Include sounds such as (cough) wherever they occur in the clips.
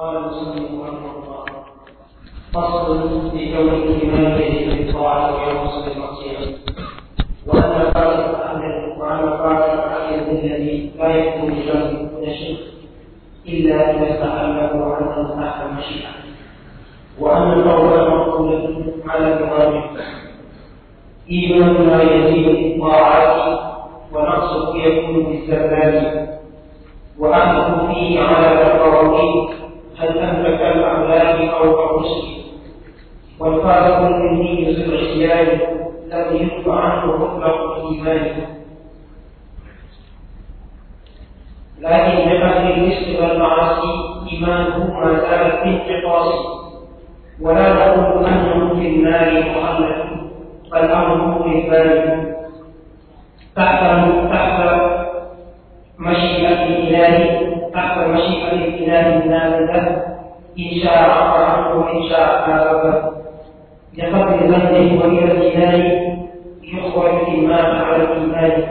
قال المسلم رحمه الله فصل في كون الإمام يجب الطاعة ويعصي المعصية وأن قال وأن قال أحد الذي لا يكون شر من الشرك إلا إذا استحله عنه أهل المشيئة وأن القول مقبول على الواجب إيمان ما يزيد الطاعات ونقصه يكون بالسلام وأنه فيه على القواعد هل أهلك الأعمال فوق رسلي والفارق مني في العصيان لم ينفع عنه مطلق الإيمان لكن لقد الرزق والمعاصي إيمانه ما زال في انتقاص ولا نقول أنهم في النار مؤلف بل أمره في ذلك تحت تحت مشيئة الإله بعد مشيئة الإله نازلة إن شاء عفى عنه وإن شاء عافى لقدر مجده وإلى الإله يخرج الإيمان على الإيمان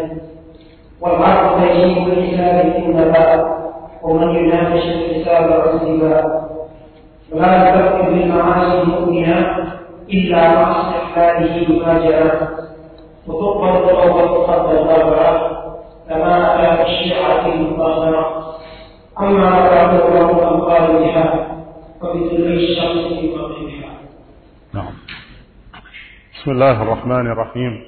والعرض يجيب الحساب إنما ومن يناقش الحساب عزبا ولا ترك بالمعاصي المؤمنة إلا مع استحلاله ما جاء وتقبل توبة قبل الغبرة كما أتى الشيعة المطهرة أما رفعه الله أنقاض بها وبذل الشخص وقيمها نعم بسم الله الرحمن الرحيم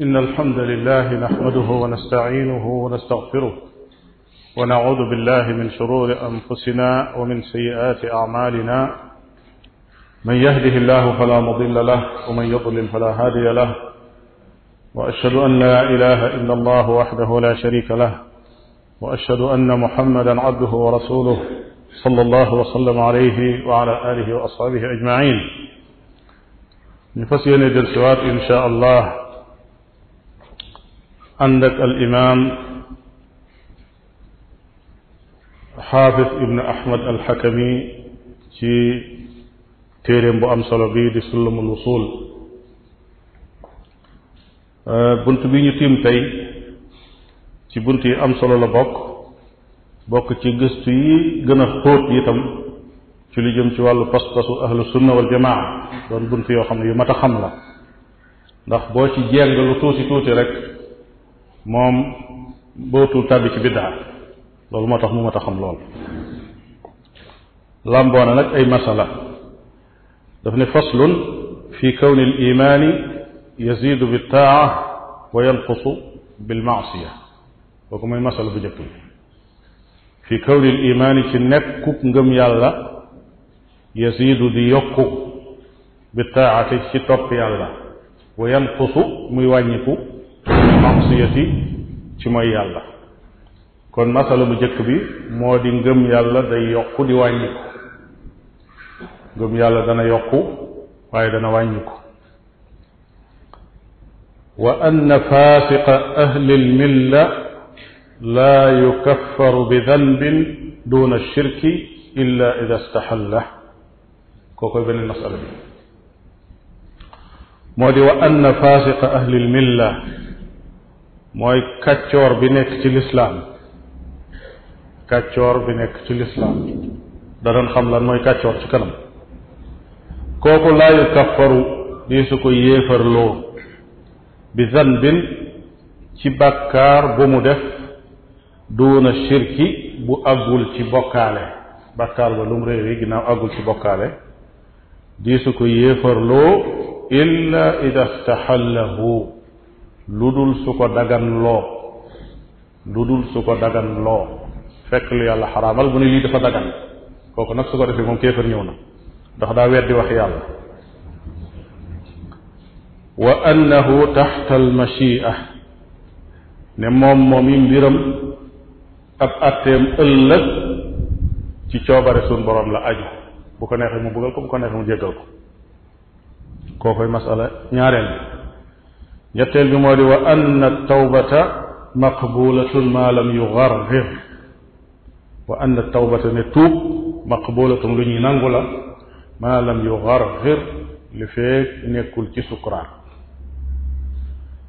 إن الحمد لله نحمده ونستعينه ونستغفره ونعوذ بالله من شرور أنفسنا ومن سيئات أعمالنا من يهده الله فلا مضل له ومن يضلل فلا هادي له وأشهد أن لا إله إلا الله وحده لا شريك له واشهد ان محمدا عبده ورسوله صلى الله وسلم عليه وعلى اله واصحابه اجمعين ñu fas yéene del siwaat insha allah ànd ak al imam xaafis ibn ahmad al xakami ci téeréem bu am solo bi di sullamul wusul bunt bi ñu tiim tey ci bunt yi am solo la bokk bokk ci gëstu yi gën a xóot itam ci lu jëm ci wàllu pas-pasu ahlu sunna wal jamaa doon bunt yoo xam ne yoo mat a xam la ndax boo ci jeng lu tuuti rek moom bootu tàbbi ci biddaa loolu moo tax mu mat a xam lool ay masala daf ne faslun fi kawni al imaani yazidu bi taa wa yanqusu bil kooku mooy masala bu njëkk bi fi kawnil imaani ci nekkuk ngëm yàlla yasiidu di yokku bi taati ci topp yàlla wa yanqusu muy wàññiku mansiyati ci mooy yàlla kon masala bu jëkk bi moo di ngëm yàlla day yokku di wàññiku ngëm yàlla dana yokku waaye dana wàññiku wa anna faasiqa ahli lmilla laa yukaffaru bi danbin duna shirki illa ida staxalla kookoy beneen masala bi moo di wa ann faasiqa ahli lmilla mooy kàccoor bi nekk ci lislaam kàccoor bi nekk ci lislaam danañ xam lan mooy kàccoor ci kanam kooku laa yukaffaru dii su ko yéefarloo bi zanbin bu mu def duuna shirki bu àggul ci bokkaale bàkkaar ba lu mu réer ginnaaw àggul ci bokkaale diisu ko yéefarloo illa ida staxallahu lu dul su ko dagan lu dul su ko dagan fekk lu yàlla xaraamal bu ne lii dafa dagan kooku nag su ko defee moom kéefar ñëw na ndax daa weddi wax yàlla wa annahu taxta almachia ne moom moom yi mbiram ab atteem ëllëg ci coobare suñ borom la aju bu ko neexee mu bëggal ko bu ko neexee mu jéggal ko kookoy masala ñaareel bi ñetteel bi moo di wa anna tawbata maqbulatun ma lam yugargir wa anna tawbata ne tuub lu ñuy nangu la ma li feek nekkul ci sukuraat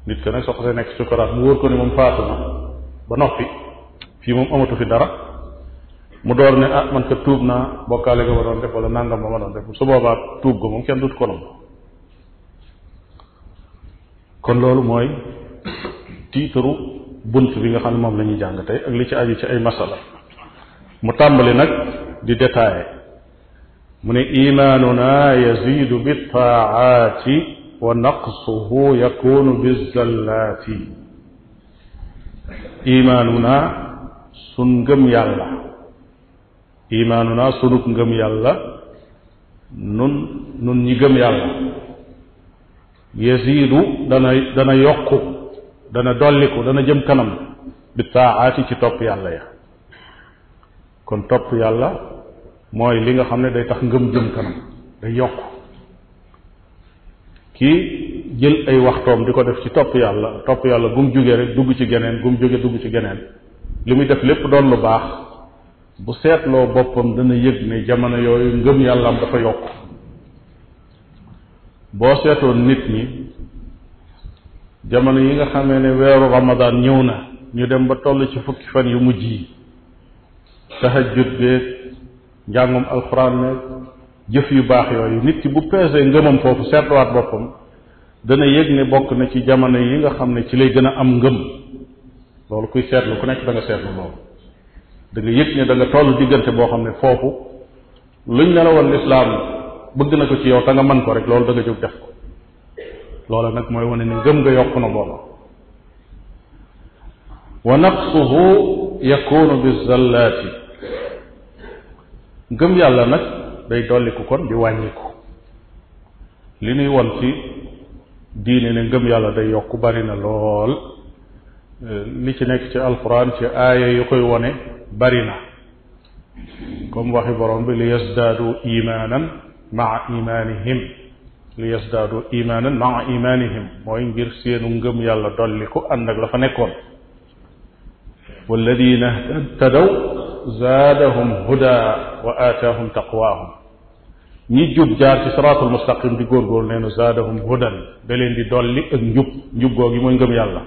nit ko nag soo xasee nekk sukuraat mu wóor ko ne moom faatu ba noppi fii moom amatu fi dara mu door ne ah man ka tuub naa bokkaale ga ma doon def wala nangam ba ma doon def su boobaa tuub ga moom kenn dut ko nangu kon loolu mooy tiitaru bunt bi nga xam ne moom lañuy ñuy jàng tey ak li ci aju ci ay masala mu tàmbali nag di détaillé mu ne imaanuna yazidu bi taaati wa naqsuhu yakunu bi zallaati imaanuna sun ngëm yàlla imaanu naa sunug ngëm yàlla nun nun ñi gëm yàlla yasiidu dana dana yokku dana dolliku dana jëm kanam bi taaxaati ci topp yàlla ya kon topp yàlla mooy li nga xam ne day tax ngëm jëm kanam day yokku kii jël ay waxtoom di ko def ci topp yàlla topp yàlla bu mu jógee rek dugg ci geneen bu jóge jógee dugg ci geneen li muy def lépp doon lu baax bu seetloo boppam dana yëg ne jamono yooyu ngëm yàllaam dafa yokk boo seetoon nit ñi jamono yi nga xamee ne weeru ramadaan ñëw na ñu dem ba toll ci fukki fan yu mujj yi tahajjud beeg njàngum alxuraan meeg jëf yu baax yooyu nit ki bu peesee ngëmam foofu seetluwaat boppam dana yëg ne bokk na ci jamono yi nga xam ne ci lay gën a am ngëm loolu kuy seetlu ku nekk da nga seetlu loolu da yëg ne da nga diggante boo xam ne foofu luñ ne la woon lislaam bëgg na ko ci yow te man ko rek loolu da nga jóg def ko loola nag mooy wane ne ngëm nga yokk na booba wa naqsuhu yakunu bi yàlla nag day dolliku kon di wàññiku li nuy won ci diine ne ngëm yàlla day yokk bari na lool Eh, li ci nekk ci alquran ci aaya yu koy wone bari na comme waxi borom bi li yasdaadu imaanan maa imaanihim li yasdaadu imaanan maa imaanihim mooy ngir seenu ngëm yàlla dolli ko ànd ak la fa nekkoon walladina htadaw jub jaar ci siraatul mustaqim di góorgóor nee na zaadahum hudan da dolli njub njub googi mooy yàlla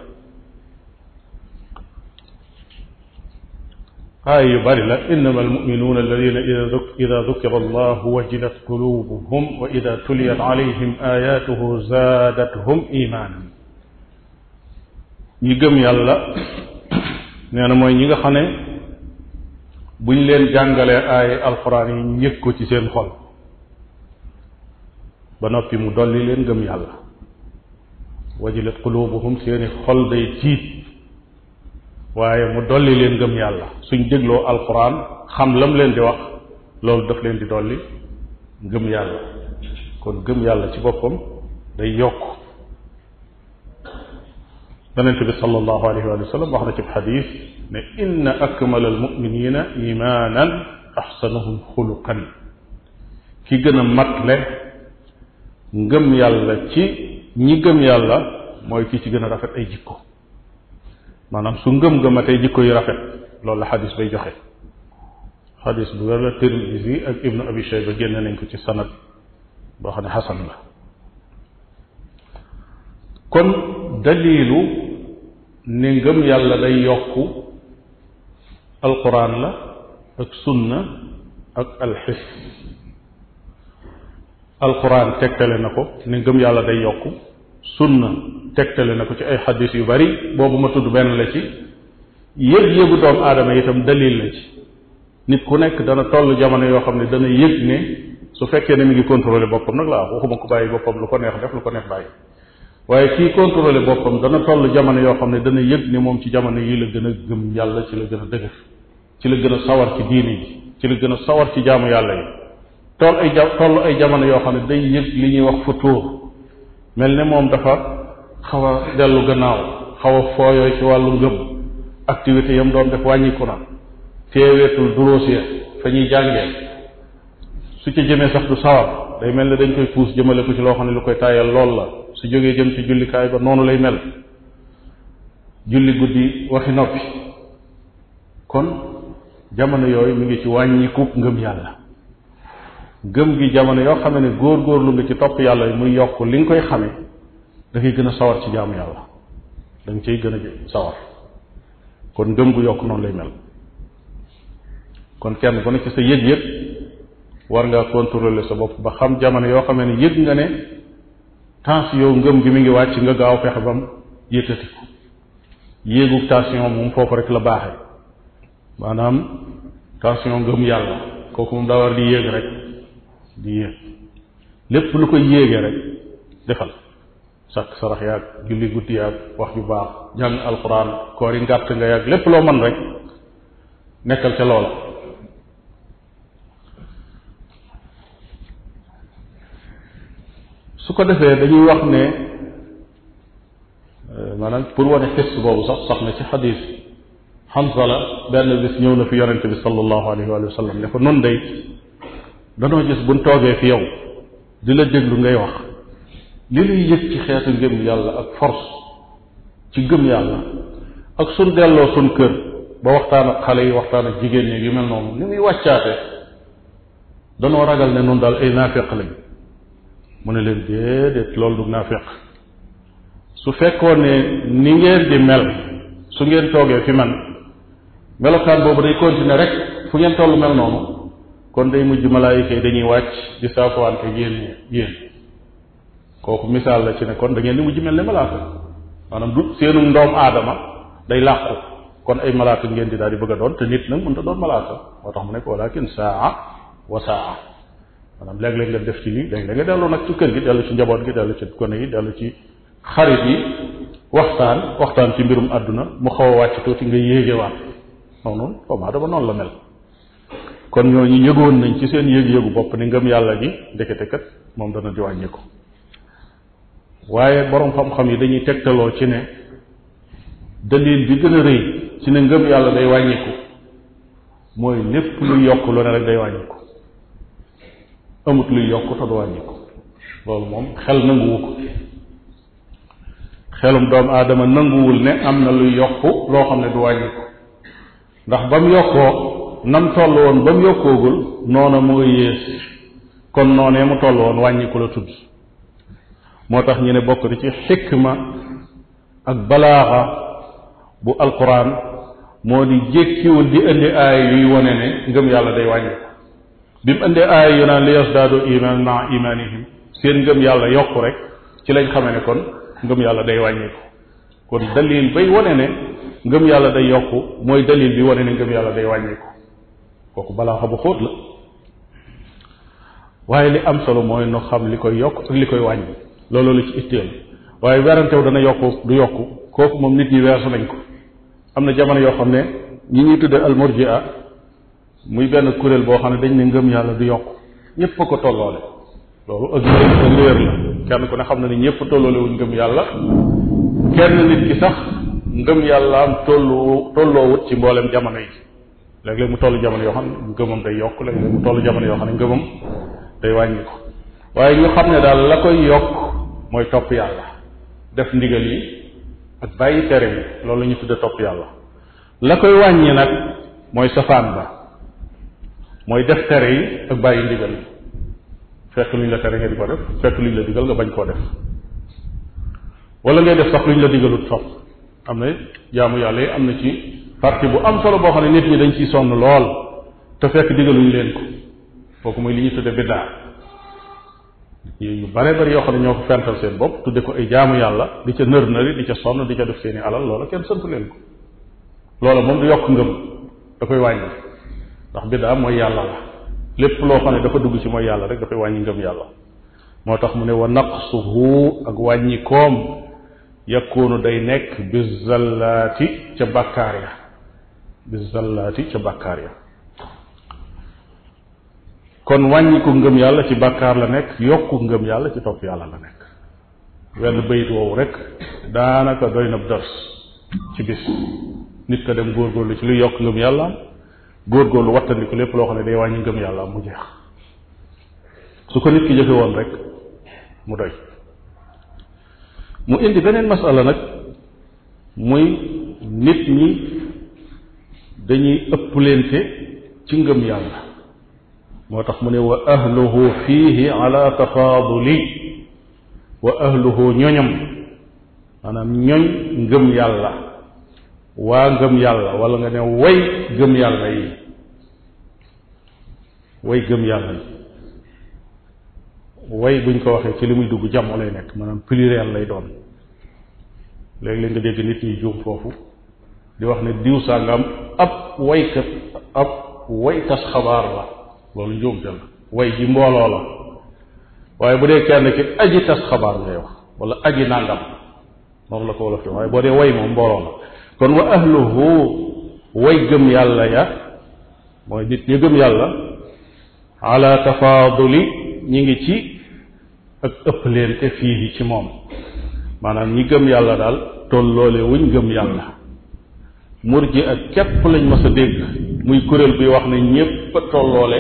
aay yu bari la innama almuminuuna alladina ida dukira allahu wajilat qulubuhum wa ida tuliyat alayhim ayatuhu zaadathum imaanan ñi gëm yàlla na mooy ñi nga xam ne buñ leen jàngalee ay alxuraan yi ñu ko ci seen xol ba noppi mu dolli leen gëm yàlla wajilat qulubuhum seeni xol day tiit waaye mu dolli leen ngëm yàlla suñ dégloo alquran xam lam leen di wax loolu daf leen di dolli ngëm yàlla kon ngëm yàlla ci boppam day yokk yonent bi sallallahu alayhi wa wax na ci xadis ne inna akmala almuminina imaanan axsanuhum xuluqan ki gën a matle ngëm yàlla ci ñi gëm yàlla mooy kii ci gën a rafet ay jikko maanaam su ngëm-ngëmatee jikko yu rafet loolu la xadis bay joxe xadis bu wér la Tirmisi ak Ibnu Abi Shayba génne nañ ko ci sanad boo xam ne xasan la kon dalilu ne ngëm yàlla day yokku alquran la ak sunna ak alxis alquran tegtale na ko ne ngëm yàlla day yokku sunna tegtale na ko ci ay xadis yu bari boobu ma tudd benn la ci yëg-yëgu doomu aadama itam dalil la ci nit ku nekk dana toll jamono yoo xam ne dana yëg ne su fekkee ne mi ngi contrôler boppam nag laa waxuma ko bàyyi boppam lu ko neex def lu ko neex bàyyi waaye kii contrôler boppam dana toll jamono yoo xam ne dana yëg ne moom ci jamono yi la gën a gëm yàlla ci la gën a dëgër ci la gën a sawar ci diini ji ci la gën a sawar ci jaamu yàlla yi toll ay ja yoo xam ne day yëg li ñuy wax futuur mel ne moom dafa xaw a dellu gannaaw xaw fooyooy ci wàllu ngëm activité yam doon def wàññiku na teeweetul duroosiya fa ñuy jàngee su ci jëmee sax du sawar day mel ne dañ koy puus jëmale ko ci loo xam ne lu koy taayal lool la su jógee jëm ci jullikaay ba noonu lay mel julli guddi waxi noppi kon jamono yooyu mu ngi ci wàññiku ngëm yàlla gëm gi jamono yoo xam ne góor lu nga ci topp yàlla muy yokk li nga koy xame da ngay gën a sawar ci jaamu yàlla da nga gën a sawar kon ngëm gu yokk noonu lay mel kon kenn ku ne ci sa yëg-yëg war ngaa contrôler sa bopp ba xam jamono yoo xame ne yëg nga ne tension yow ngëm gi mi ngi wàcc nga gaaw fexe bam yëkkati ko yéegu tension moom foofu rek la baaxee maanaam tension ngëm yàlla kooku moom daa war di yéeg rek di lépp lu koy yéegee rek defal sàkk sarax yaag julli guddi yaag wax ju baax jàng alxuraan koori ngàtt nga yaag lépp loo mën rek nekkal ca loola su ko defee dañuy wax ne euh, maanaam pour wane xis boobu sax sax na ci xadis xamsala benn bis ñëw na fi yonente bi sallallahu alayhi wa ne ko nun day danoo gis buñ toogee fi yow di la déglu ngay wax li luy yëg ci xeetu ngëm yàlla ak force ci ngëm yàlla ak suñ delloo suñ kër ba waxtaan ak xale yi waxtaan ak jigéen ñi yu mel noonu ni muy wàccaate danoo ragal ne nun daal ay naafeq lañ mu ne leen déedéet loolu du naafeq su fekkoon ne ni ngeen di mel su ngeen toogee fi man melokaan boobu day continuer rek fu ngeen toll mel noonu kon dey mujj malaayika yi dañuy wàcc di saafuwante yéen yéen kooku misaal la ci ne kon da ngeen di mujj mel ne malaaka maanaam du seenum ndoom aadama day làqu kon ay malaaka ngeen di daal di bëgg doon te nit nag mënut a doon malaaka moo tax mu nekk walakin saa wa saa maanaam léeg-léeg def ci lii léeg-léeg nga nag ci kër gi dellu ci njaboot gi dellu ci gone yi dellu ci xarit yi waxtaan waxtaan ci mbirum àdduna mu xaw a wàcc tuuti nga yéegewaat noonu la mel kon ñooñu yëgoon nañ ci seen yëg-yëgu bopp ni ngëm yàlla gi ndekete kat moom dana di wàññi ko waaye boroom xam-xam yi dañuy tegtaloo ci ne dalil bi gën a rëy ci ne ngëm yàlla day wàññiku mooy lépp luy yokk lu ne rek day wàññiku amut luy yokk te du wàññiku loolu moom xel nanguwu ko xelum doomu aadama nanguwul ne am na luy yokk loo xam ne du wàññiku ndax ba yokkoo nam toll woon ba yokkoogul noona moo yées kon noonee mu toll woon wàññiku la tudd moo tax ñu ne bokk na ci xikma ak balaaxa bu alquran moo di jékkiwul di indi aay yuy wone ne ngëm yàlla day wàññi bi mu indee aay yu naan li yasdaadu iman maa imanihim seen ngëm yàlla yokk rek ci lañ xamee ne kon ngëm yàlla day wàññiku kon dalil bay wone ne ngëm yàlla day yokku mooy dalil bi wone ne ngëm yàlla day wàññiku kooku balaa xabu xóot la waaye li am solo mooy nu xam li koy yokk ak li koy wàññi loolu la ci itteel waaye werantew dana yokku du yokku kooku moom nit ñi weesu nañ ko am na jamono yoo xam ne ñi ñuy tudde almurjia muy benn kuréel boo xam ne dañ ne ngëm yàlla du yokk ñëpp a ko tolloole loolu ak ak la kenn ku ne xam na ne ñëpp tolloole wuñ ngëm yàlla kenn nit ki sax ngëm yàlla am tollu tolloowut ci mboolem jamono yi léeg-léeg mu tollu jamono yoo xam ne ngëmam day yokk léeg-léeg mu toll jamono yoo xam ne ngëmam day wàññi ko waaye ñu xam ne daal la koy yokk mooy topp yàlla def ndigal yi ak bàyyi tere yi loolu la ñu tudde topp yàlla la koy wàññi nag mooy safaan ba mooy def tere yi ak bàyyi ndigal yi fekk luñ la tere nga di ko def fekk luñ la digal nga bañ koo def wala ngay def sax luñ la digalut topp am na jaamu yàlla yi am na ci parti bu am solo boo xam ne nit ñi dañ ciy sonn lool te fekk digaluñu leen ko kooku mooy li ñuy tudde biddaa yu bare bari yoo xam ne ñoo ko fental seen bopp tudde ko ay jaamu yàlla di ca nër nëri di ca sonn di ca def seeni alal loola kenn sant leen ko loola moom du yokk ngëm da koy wàññi ndax biddaa mooy yàlla la lépp loo xam ne dafa dugg ci mooy yàlla rek dafay wàññi ngëm yàlla moo tax mu ne wa naqsuhu ak wàññi koom yakkoonu day nekk bi zallaati ca bàkkaar ya bi ca bàkkaar ya kon wàññiku ngëm yàlla ci bàkkaar la nekk yokku ngëm yàlla ci topp yàlla la nekk wenn bayit woowu rek daanaka doy na dars ci bis nit ko dem góorgóorlu ci luy yokk ngëm yàlla góor góorgóorlu wattandiku lépp loo xam ne day wàññi ngëm yàlla mu jeex su ko nit ki jëfe woon rek mu doy mu indi beneen masala nag muy nit ñi dañuy ëpplente ci ngëm yàlla moo tax mu ne wa ahluhu fiihi ala tafaaduli wa ahluhu ñoñam maanaam ñoñ ngëm yàlla waa ngëm yàlla wala nga ne way gëm yàlla yi way gëm yàlla yi way buñ ko waxee ci li muy dugg jamo lay nekk maanaam pluriel lay doon léeg-léeg nga dégg nit ñi juum foofu di wax ne diw sàngam ab waykat ab waykas xabaar la loolu njuumte la way ji mbooloo la waaye bu dee kenn ki aji tas xabaar ngay wax wala aji nàngam moom la ko wolof waaye boo dee way moom mbooloo la kon wa ahluhu way gëm yàlla ya mooy nit ñi gëm yàlla ala tafaaduli ñi ngi ci ak ëppleente fii ci moom maanaam ñi gëm yàlla daal tolloole wuñ gëm yàlla murji ak képp lañ mas a dégg muy kuréel bi wax ne ñépp a tolloole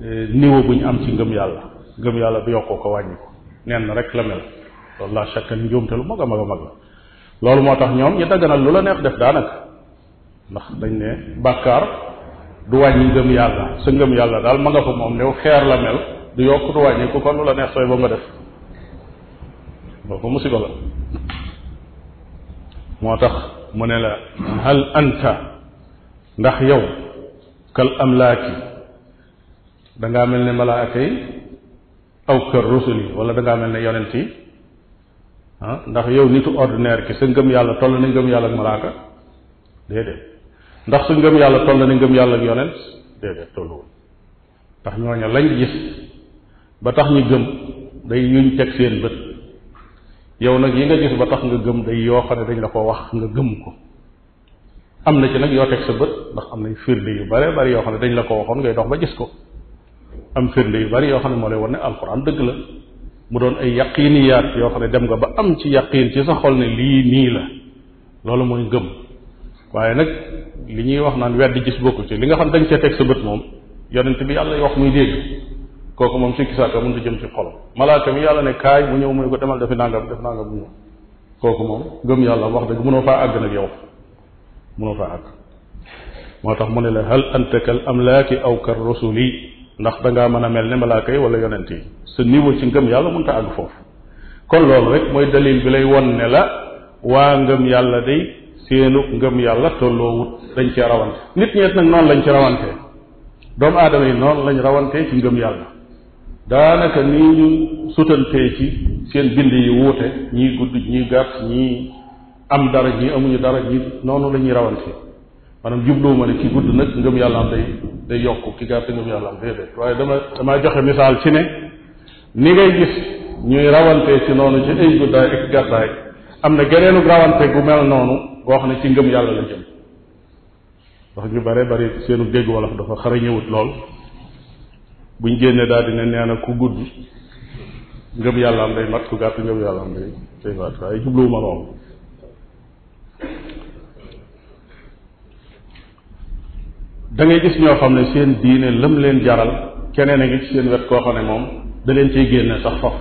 e, bu ñu am ci ngëm yàlla gëm yàlla bi yokku ko wàññi ko nen rek la mel loolu laa chaque njuumte lu mag a mag a mag la loolu moo tax ñoom ñi daganal lu la neex def daanaka ndax dañ ne bàkkaar du wàññi ngëm yàlla sa ngëm yàlla daal ma nga ko moom new xeer la mel du yokk du wàññiku kon lu la neex sooy boo nga def kooku musiba la moo tax mu ne la hal anta ndax yow kal amlaaki dangaa mel ni malaaka yi aw kër rusul yi wala dangaa mel ni yonent yi ah ndax yow nitu ordinaire ki sa ngëm yàlla toll ni ngëm yàlla ak malaaka déedéet ndax su ngëm yàlla toll ni ngëm yàlla ak yonent déedéet tolluwul ndax ñooña lañ gis ba tax ñu gëm day yuñ teg seen bët yow nag yi nga gis ba tax nga gëm day yoo xam ne dañ la ko wax nga gëm ko am na ci nag yoo teg sa bët ndax am na firnde yu bare bari yoo xam ne dañ la ko waxoon ngay dox ba gis ko am firnde yu bari yoo xam ne moo lay wan ne alxuraan dëgg la mu doon ay yaqiniyaat yoo xam ne dem nga ba am ci yaqin ci sa xol ne lii nii la loolu mooy gëm waaye nag li ñuy wax naan wedd gis bokku ci li nga xam dañ cee teg sa bët moom kooku moom sikki sàkka mënut a jëm si xolam malaaka mi yàlla ne kaay mu ñëw mu ne ko demal defi nangam def nangam mu ñëw kooku moom gëm yàlla wax dëgg mënoo faa àgg nag yow mënoo faa àgg moo tax mu ne la hal anta kal amlaaki aw kar rusuli ndax dangaa mën a mel ne malaaka yi wala yonent yi sa niveau ci ngëm yàlla mun a àgg foofu kon loolu rek mooy dalil bi lay won ne la waa ngëm yàlla day seenu ngëm yàlla tolloowut dañ cee rawante nit ñeet nag noonu lañ ci rawante doomu yi noonu lañ rawante ci yàlla daanaka ni ñu sutantee ci seen bind yi wuute ñii gudd ñii gàtt ñii am dara ñii amuñu dara ñii noonu la ñuy rawante maanaam jubluwuma ne ki gudd nag ngëm yàlla am day day yokk ki gàtt ngëm yàlla am déedéet waaye dama damaa joxe misaal ci ne ni ngay gis ñuy rawantee ci noonu ci ay guddaay ak gàttaay am na geneenu rawante gu mel noonu goo xam ne ci ngëm yàlla la jëm wax ñu bare bari seenu dégg wolof dafa xara ñëwut lool buñ génnee daal di ne nee na ku gudd ngëm yàlla am day mat ku gàtt ngëm yàlla am day day faat waaye jubluwuma noonu dangay gis ñoo xam ne seen diine lëm leen jaral keneen a ngi ci seen wet koo xam ne moom da leen cay génne sax faf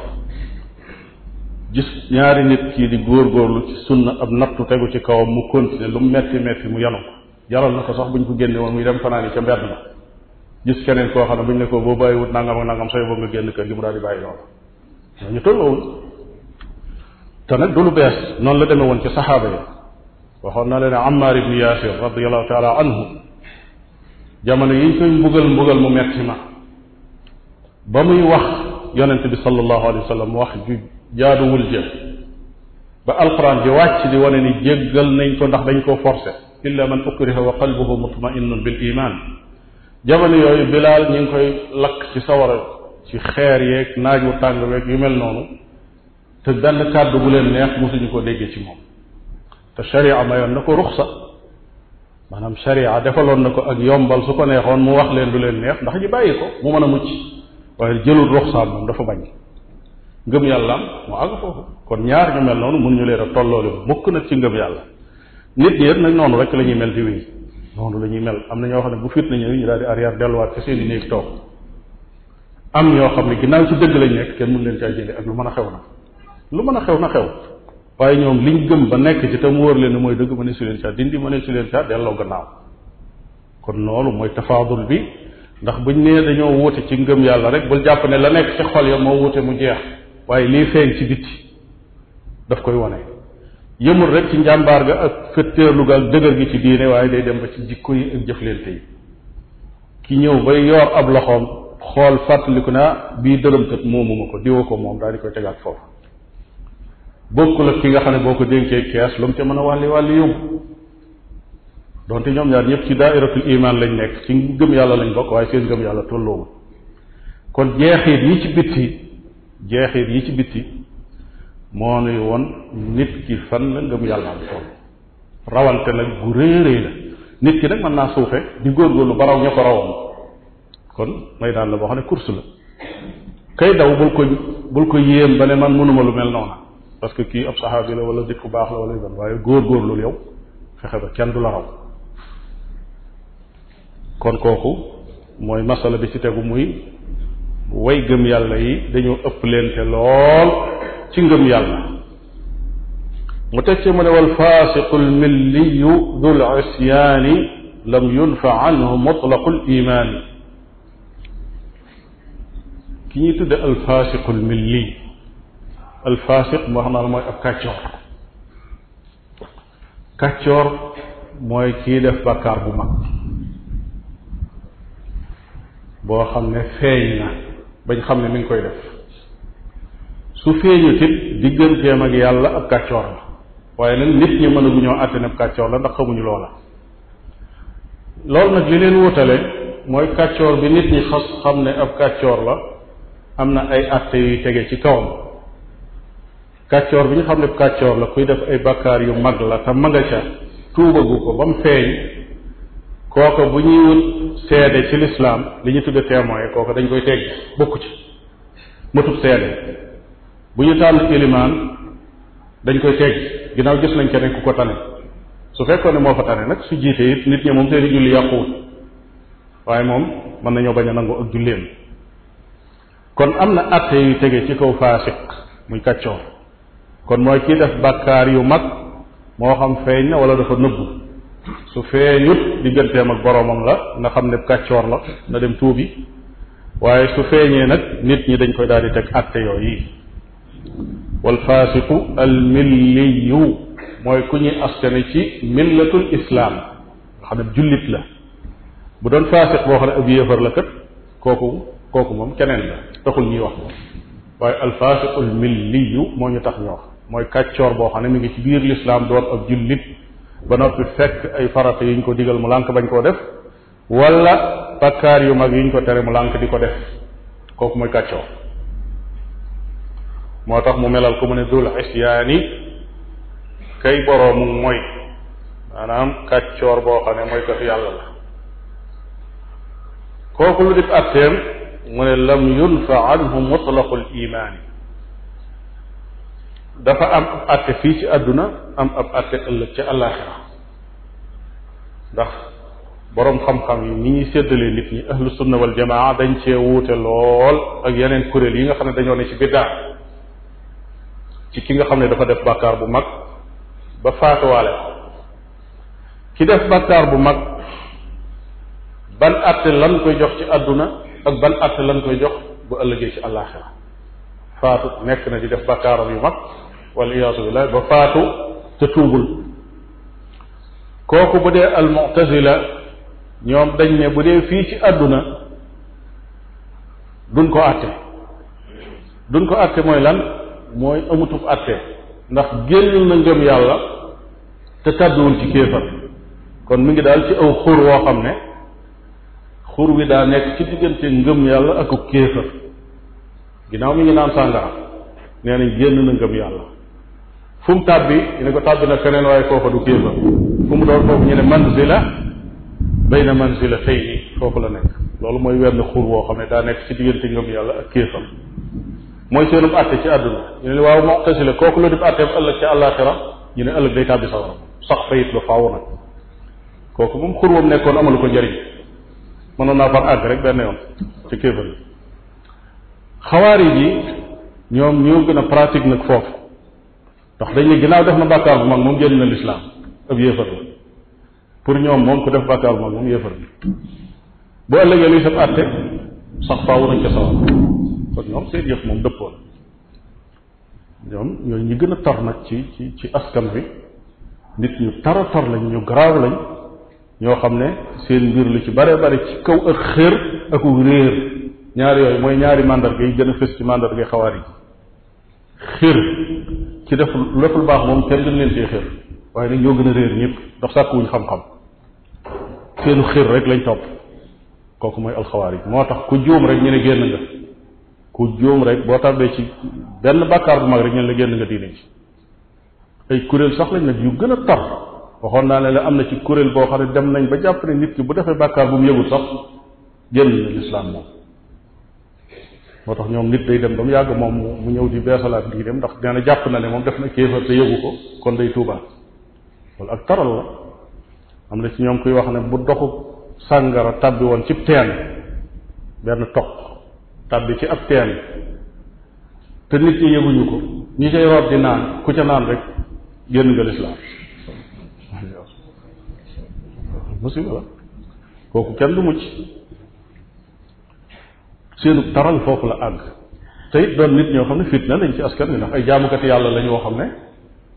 gis ñaari nit kii di góor góorgóorlu ci sunna ab nattu tegu ci kawam mu continuer lu mu metti metti mu yanu ko jaral na ko sax buñ ko génne woon muy dem fanaani ca mbedd ma gis keneen koo xam ne bu ñu ne ko boo bàyyiwut nangam ak nangam sooy boobu nga génn kër gi mu daal di ñu tolloowuñ te nag du lu bees noonu la demee woon ci saxaaba yi waxoon na leen Ammaar ibn Yaasir taala anhu jamono yiñ koy mbugal mbugal mu metti ma ba muy wax yonent bi sallallahu alayhi wa sallam wax ju jaaduwul jë ba alquran di wàcc di wane ni jéggal nañ ko ndax dañ koo forcé illa man ukriha wa qalbuhu mutma'innun bil iman jamono yooyu bilaal ñu ngi koy lakk ci sawara ci xeer yeeg naaj wu tàng weeg yu mel noonu te benn kàddu bu leen neex mosuñu ko déggee ci moom te sharia mayoon na ko ruxsa maanaam sharia defaloon na ko ak yombal su ko neexoon mu wax leen du leen neex ndax ñu bàyyi ko mu mën a mucc waaye jëlul ruxsaam moom dafa bañ ngëm yàllaam mu àgg foofu kon ñaar ñu mel noonu mun ñu leen a tolloole mukk nag ci ngëm yàlla nit ñi nag noonu rek la ñuy mel di noonu la ñuy mel am na ñoo xam ne bu fit nañu ñu daal di arrière delluwaat ci seen i néeg toog am ñoo xam ne ginnaaw ci dëgg lañ nekk kenn mën leen caa jëlee ak lu mën a xew na lu mën a xew na xew waaye ñoom liñ gëm ba nekk ci te mu wóor leen mooy dëgg mëne su leen caa dindi mëne su leen caa delloo gannaaw kon loolu mooy tafaadul bi ndax buñ nee dañoo wuute ci ngëm yàlla rek bul jàpp ne la nekk ci xol ya moo wuute mu jeex waaye lii feeñ ci bitti daf koy wane yëmul rek ci njàmbaar ga ak fëttéerlu ga ak dëgër gi ci diine waaye day dem ba ci jikko yi ak leen yi ki ñëw bay yor ab loxoom xool fàttaliku naa bii dërëmkat moomu ma ko diwa ko moom daal di koy tegaat foofu bokkul ak ki nga xam ne boo ko dénkee kees lu mu ca mën a wàlli wàlli yóbbu doonte ñoom ñaar ñëpp ci daairatul iman lañ nekk ci gëm yàlla lañ bokk waaye seen gëm yàlla tolloowul kon jeexit yi ci bitti jeexit yi ci bitti moo nuy woon nit ki fan la ngëm yàlla am toll rawante nag gu réeréy la nit ki nag mën naa suufe di góorlu ba raw ña ko rawoon kon may daan la boo xam ne course la kay daw bul ko bul ko yéem ba ne man mënuma lu mel noona parce kii ab saxaabi la wala nit ku baax la wala ban waaye góorlul yow fexe ba kenn du la raw kon kooku mooy masala bi ci tegu muy way gëm yàlla yi dañoo ëpp leente lool ci ngëm yàlla mu teg ci mu ne wal faasiqu lmilliyu dul isyaani lam yunfa anhu mutlaqu limaani ki ñuy tudde alfaasiqu lmilli alfaasiq moo xam naa la mooy ab kàccoor kàccoor mooy kii def bàkkaar bu mag boo xam ne feeñ na bañ xam ne mi ngi koy def su feeñu tit digganteem ak yàlla ab kàccoor la waaye nag nit ñi mën a gu ab kàccoor la ndax xamuñu loola loolu nag li leen wutale mooy kàccoor bi nit ñi xas xam ne ab kàccoor la am na ay àtte yuy tege ci kawam kàccoor bi ñu xam ne ab kàccoor la kuy def ay bakkaar yu mag la te ma nga ca tuubagu ko ba mu feeñ kooka bu ñuy wut seede ci lislaam li ñu tudde témoin kooka dañ koy teg bokku ci matub seede bu ñu tànn ilimaan dañ koy teg ginnaaw gis nañ keneen ku ko tane su fekkoon ne moo fa tane nag su jiitee it nit ñi moom seeni julli yàquwut waaye moom mën nañoo bañ a nangu ak julleem kon am na atte yu tege ci kaw faasiq muy kàccoor kon mooy kii def bàkkaar yu mag moo xam feeñ na wala dafa nëbbu su feeñut digganteem ak boroomam la nga xam ne kàccoor la na dem tuubi waaye su feeñee nag nit ñi dañ koy daal di teg atte yi walfaasiqu almilliyu mooy ku ñuy askane ci millatul islaam nga xam ne jullit la bu doon faasiq boo xam ne ab yéefar la kat kooku kooku moom keneen la taxul ñuy wax moom waaye alfaasiqu almilliyu moo ñu tax ñu wax mooy kàccoor boo xam ne mi ngi ci biir lislaam doon ab jullit ba noppi fekk ay farat yi ñu ko digal mu lànk bañ koo def wala bakkaar yu mag yi ñu ko tere mu lànk di ko def kooku mooy kàccoor moo tax mu melal ko mu ne dul xisyaani kay boroomu mooy maanaam kàccoor boo xam ne mooy ko yàlla la kooku lu dib atteem mu ne lam yunfa anhu mutlaqul imaani dafa am ab atte fii ci àdduna am ab atte ëllëg ci àllaaxira ndax boroom xam-xam yi ni ñuy séddalee nit ñi ahlu sunna wal dañ cee wuute lool ak yeneen kuréel yi nga xam ne dañoo ne ci biddaa ci ki nga xam ne dafa def bàkkaar bu mag ba faatuwaale ki def bàkkaar bu mag ban àtte lan koy jox ci àdduna ak ban àtte lan koy jox bu ëllëgee ci àllaaxira faatu nekk na di def bàkkaaram yu mag wala iyaasu billaah ba faatu te tuubul kooku bu dee almutazila ñoom dañ ne bu dee fii ci àdduna duñ ko àtte duñ ko àtte mooy lan mooy amutub atte ndax génn na ngëm yàlla te tàdduwul ci kéefar kon mu ngi daal ci aw xur woo xam ne xur wi daa nekk ci diggante ngëm yàlla ak ub kéefar ginnaaw mi ngi naan sàngara nee nañ génn na ngëm yàlla fu mu tàbbi ñu ne ko tàbbi na feneen waaye foofa du kéefar fu mu doon foofu ñu ne manzila bayna manzila tey foofu la nekk loolu mooy wenn xur woo xam ne daa nekk ci diggante ngëm yàlla ak kéefar mooy seenub àtte ci àdduna ñu ne waaw mu'tasila kooku la dib àtteeb ëllëg ci àllaaxira ñu ne ëllëg day tàbbi sawara sax fayit la faaw nag kooku moom xurwam nekkoon amalu ko njëriñ mënoon naa far àgg rek benn yoon ci kéefar yi xawaari ji ñoom ñoo gën a pratique nag foofu ndax dañ ginnaaw def na bàkkaar bu mag moom génn na lislaam ab yéefar la pour ñoom moom ku def bàkkaar bu mag moom yéefar la bu ëllëgee luy sab àtte sax faaw nañ ca sawar kon ñoom seen yëf moom dëppoo la ñoom gën a tar nag ci ci ci askan bi nit ñu tara tar lañ ñu garaaw lañ ñoo xam ne seen mbir lu ci bare bare ci kaw ak xér ak réer ñaari yooyu mooy ñaari màndar yi gën a fës ci mandarga xawaar yi xér ci deful lépp lu baax moom kenn duñ leen cee xér waaye nag ñoo gën a réer ñëpp ndax sàkkuwuñ xam-xam seenu xér rek lañ topp kooku mooy alxawaar yi moo tax ku juum rek ñu ne génn nga ku juum rek boo tàbbee ci benn bàkkaar bu mag rek ñun la génn nga diine ci ay kuréel sax lañ nag yu gën a tar waxoon naa ne la am na ci kuréel boo xam ne dem nañ ba jàpp ne bu defee bàkkaar bu mu yëgul sax génn na moo tax ñoom nit day dem ba mu yàgg moom mu ñëw di beesalaat dem ndax jàpp na ne moom def na kéefar te ko kon day tuubaat loolu ak taral la am na ci ñoom kuy wax ne bu doxu sàngara tàbbi woon ci teen benn toq tàbbi ci ab teen te nit ñi yëguñu ko ñi cay root di naan ku ca naan rek génn nga lislaam musiba la kooku kenn du mucc seenu taral foofu la àgg te it doon nit ñoo xam ne fitna lañ ci askan wi ndax ay jaamukati yàlla lañ yoo xam ne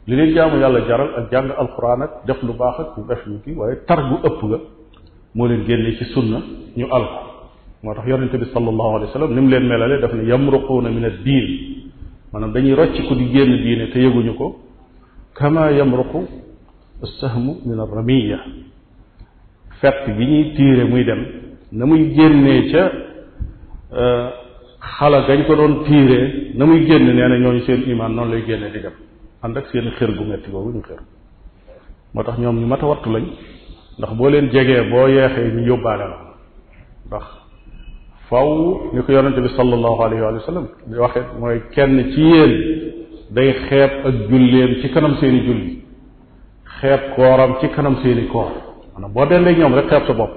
li leen jaamu yàlla jaral ak jàng alquran ak def lu baax ak def lu kii waaye tar gu ëpp ga moo leen génne ci sunna ñu alko moo tax yonente bi sallallahu alayhi wa sallam ni mu leen melale daf ne yamruquuna min ad diin maanaam dañuy rocciku di génn diine te yëguñu ko kama yamruqu assahmu min arramiya fett bi ñuy tiire muy dem na muy génnee ca euh, xala gañ ko doon tiire na muy génn nee na ñoo ñu seen imaan noonu lay génne di dem ànd ak seen xër gu metti boobu ñu xër moo tax ñoom ñu mat a wattu lañ ndax boo leen jegee boo yeexee ñu yóbbaale la ndax faw ni ko yonente bi sallallahu alayhi wa sallam di waxee mooy kenn ci yéen day xeeb ak julleem ci kanam seeni julli xeeb kooram ci kanam seeni koor na boo dendee ñoom rek xeeb sa bopp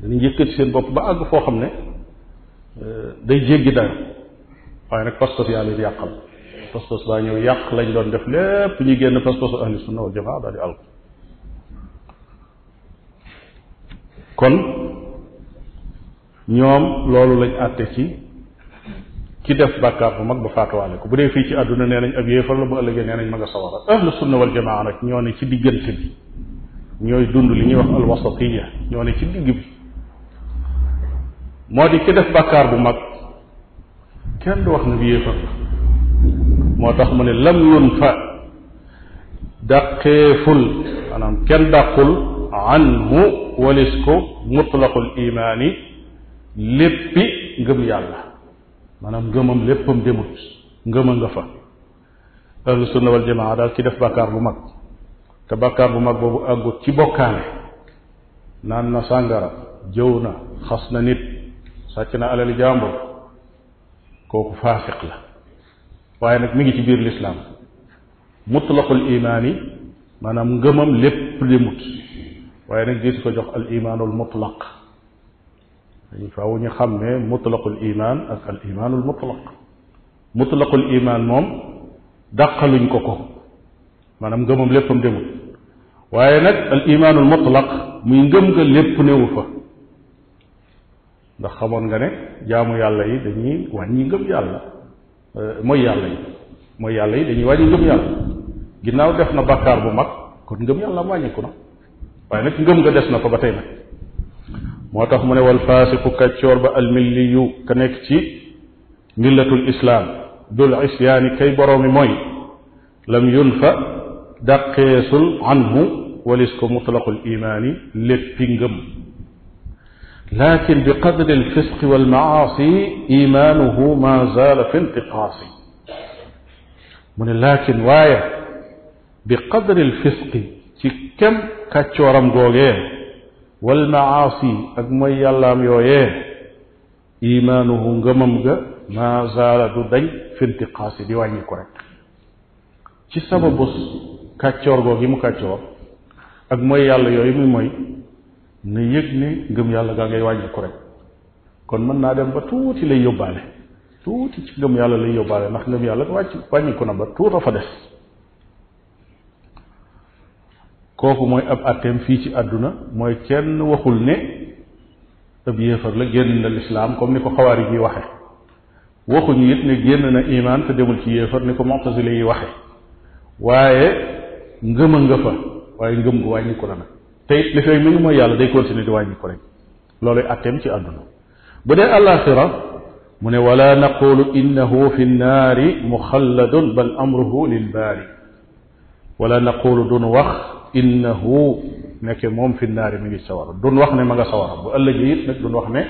danañ yëkkati seen bopp ba àgg foo xam ne euh, day jéggi dayo waaye nag pastos yaa leen yàqal pastos baa ñëw yàq lañ doon def lépp ñu génn pastosu ahli sunna wal jamaa daal di àlko kon ñoom loolu lañ àtte ci ci def bàkkaar bu mag ba faatuwaale ko bu dee fii ci àdduna nee nañ ab yéefar la bu ëllëgee nee nañ ma nga sawara ahlu sunna wal nag ñoo ne ci diggante bi ñooy dund li ñuy wax alwasatiya ñoo ne ci digg bi moo di ki def bàkkaar bu mag kenn du wax ne bi yéefar la moo tax mu ne lam yun fa dàqeeful maanaam kenn dàqul anhu walis ko mutlaqul imaani léppi ngëm yàlla maanaam ngëmam léppam demut ngëma nga fa ahlu sunna wal daal ki def bàkkaar bu mag te bàkkaar bu mag boobu àggut ci bokkaale naan na sàngara jëw na xas na nit sàcc na alali jàmbur kooku faafiq la waaye nag mu ngi ci biir lislaam mutlaqul imaan yi maanaam ngëmam lépp demut waaye nag diitu ko jox al imaanul mutlaq dañ faaw ñu xam ne mutlaqul iman ak al imaanul mutlaq mutlaqul iman moom dàqaluñ ko ko maanaam ngëmam léppam demul waaye nag al imaanul mutlaq muy ngëm nga lépp newu fa ndax xamoon nga ne jaamu yàlla yi dañuy wàññi ngëm yàlla euh, yi mooy yàlla yi dañuy wàññi ginnaaw def na bàkkaar bu mag kon ngëm yàlla wàññiku na waaye nag ngëm nga des na fa ba tey nag moo tax mu ne wal faasiqu kàccoor ba almilliyu ka nekk ci millatul islaam dul isyaani kay boroomi mooy lam yunfa dàqeesul anhu walis ko mutlaqul imaani léppi ngëm lakin bi qadri alfisqi walmaasi imaanuhu ma zaala fi intiqaasi mu ne laakin waaye bi qadri alfisqi ci kem kàccooram googee wal maasi ak mooy yàllaam yooyee imaanuhu ngëmam ga ma du dañ fintiqaasi di wàññiku rek ci sababu kàccoor googu yi mu kàccoor ak mooy yàlla yooyu muy mooy na yëg ne ngëm yàlla gaa ngay wàññi rek kon mën naa dem ba tuuti lay yóbbaale tuuti ci ngëm yàlla lay yóbbaale ndax ngëm yàlla wàcc wàññi na ba tuuta fa des kooku mooy ab atteem fii ci àdduna mooy kenn waxul ne ab yéefar la génn la lislaam comme ni ko xawaarij yi waxe waxuñu it ne génn na iman te demul ci yéefar ni ko mu'tazila yi waxe waaye ngëm nga fa waaye ngëm gu wàññi ko la te li fay mu mooy yàlla day continuer di wàññiku rek looluy atteem ci àdduna bu dee alaxira mu ne wala naqulu innahu fi nnaari muxalladun bal amruhu lilbaari wala naqulu dunu wax innahu nekke moom fi naari mi ngi sawara dun wax ne ma nga sawara bu ëllëgee it nag dun wax ne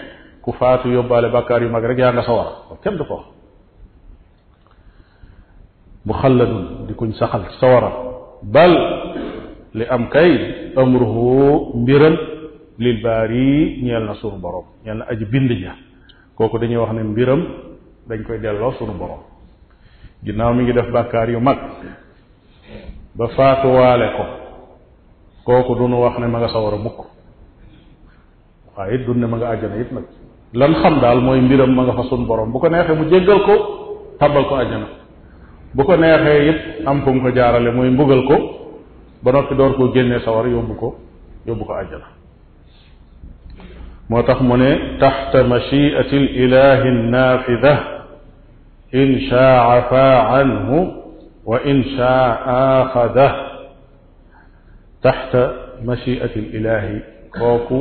ku faatu yóbbaale bàkkaar yu mag rek yaa nga sawara kenn du ko wax mu xalladun di kuñ saxal sawara bal li am kay amruhu mbiram lil baari ñeel na sunu borom ñeel na aji bind ña kooku dañuy wax ne mbiram dañ koy delloo sunu borom ginnaaw mi ngi def bàkkaar yu mag ba faatuwaale ko kooku du wax ne ma nga sawar a mukk waaye it du ne ma nga lan xam daal mooy mbiram ma nga fa sun borom bu ko neexee mu jéggal ko tàbbal ko àjjana bu ko neexee it am fu ko jaarale muy mbugal ko ba noppi door koo génnee sawar yóbbu ko yóbbu ko àjjana moo tax mu ne taxta machiati l ilahi nafida in shaa faa anhu wa in shaa axada taxta machiati l ilahi kooku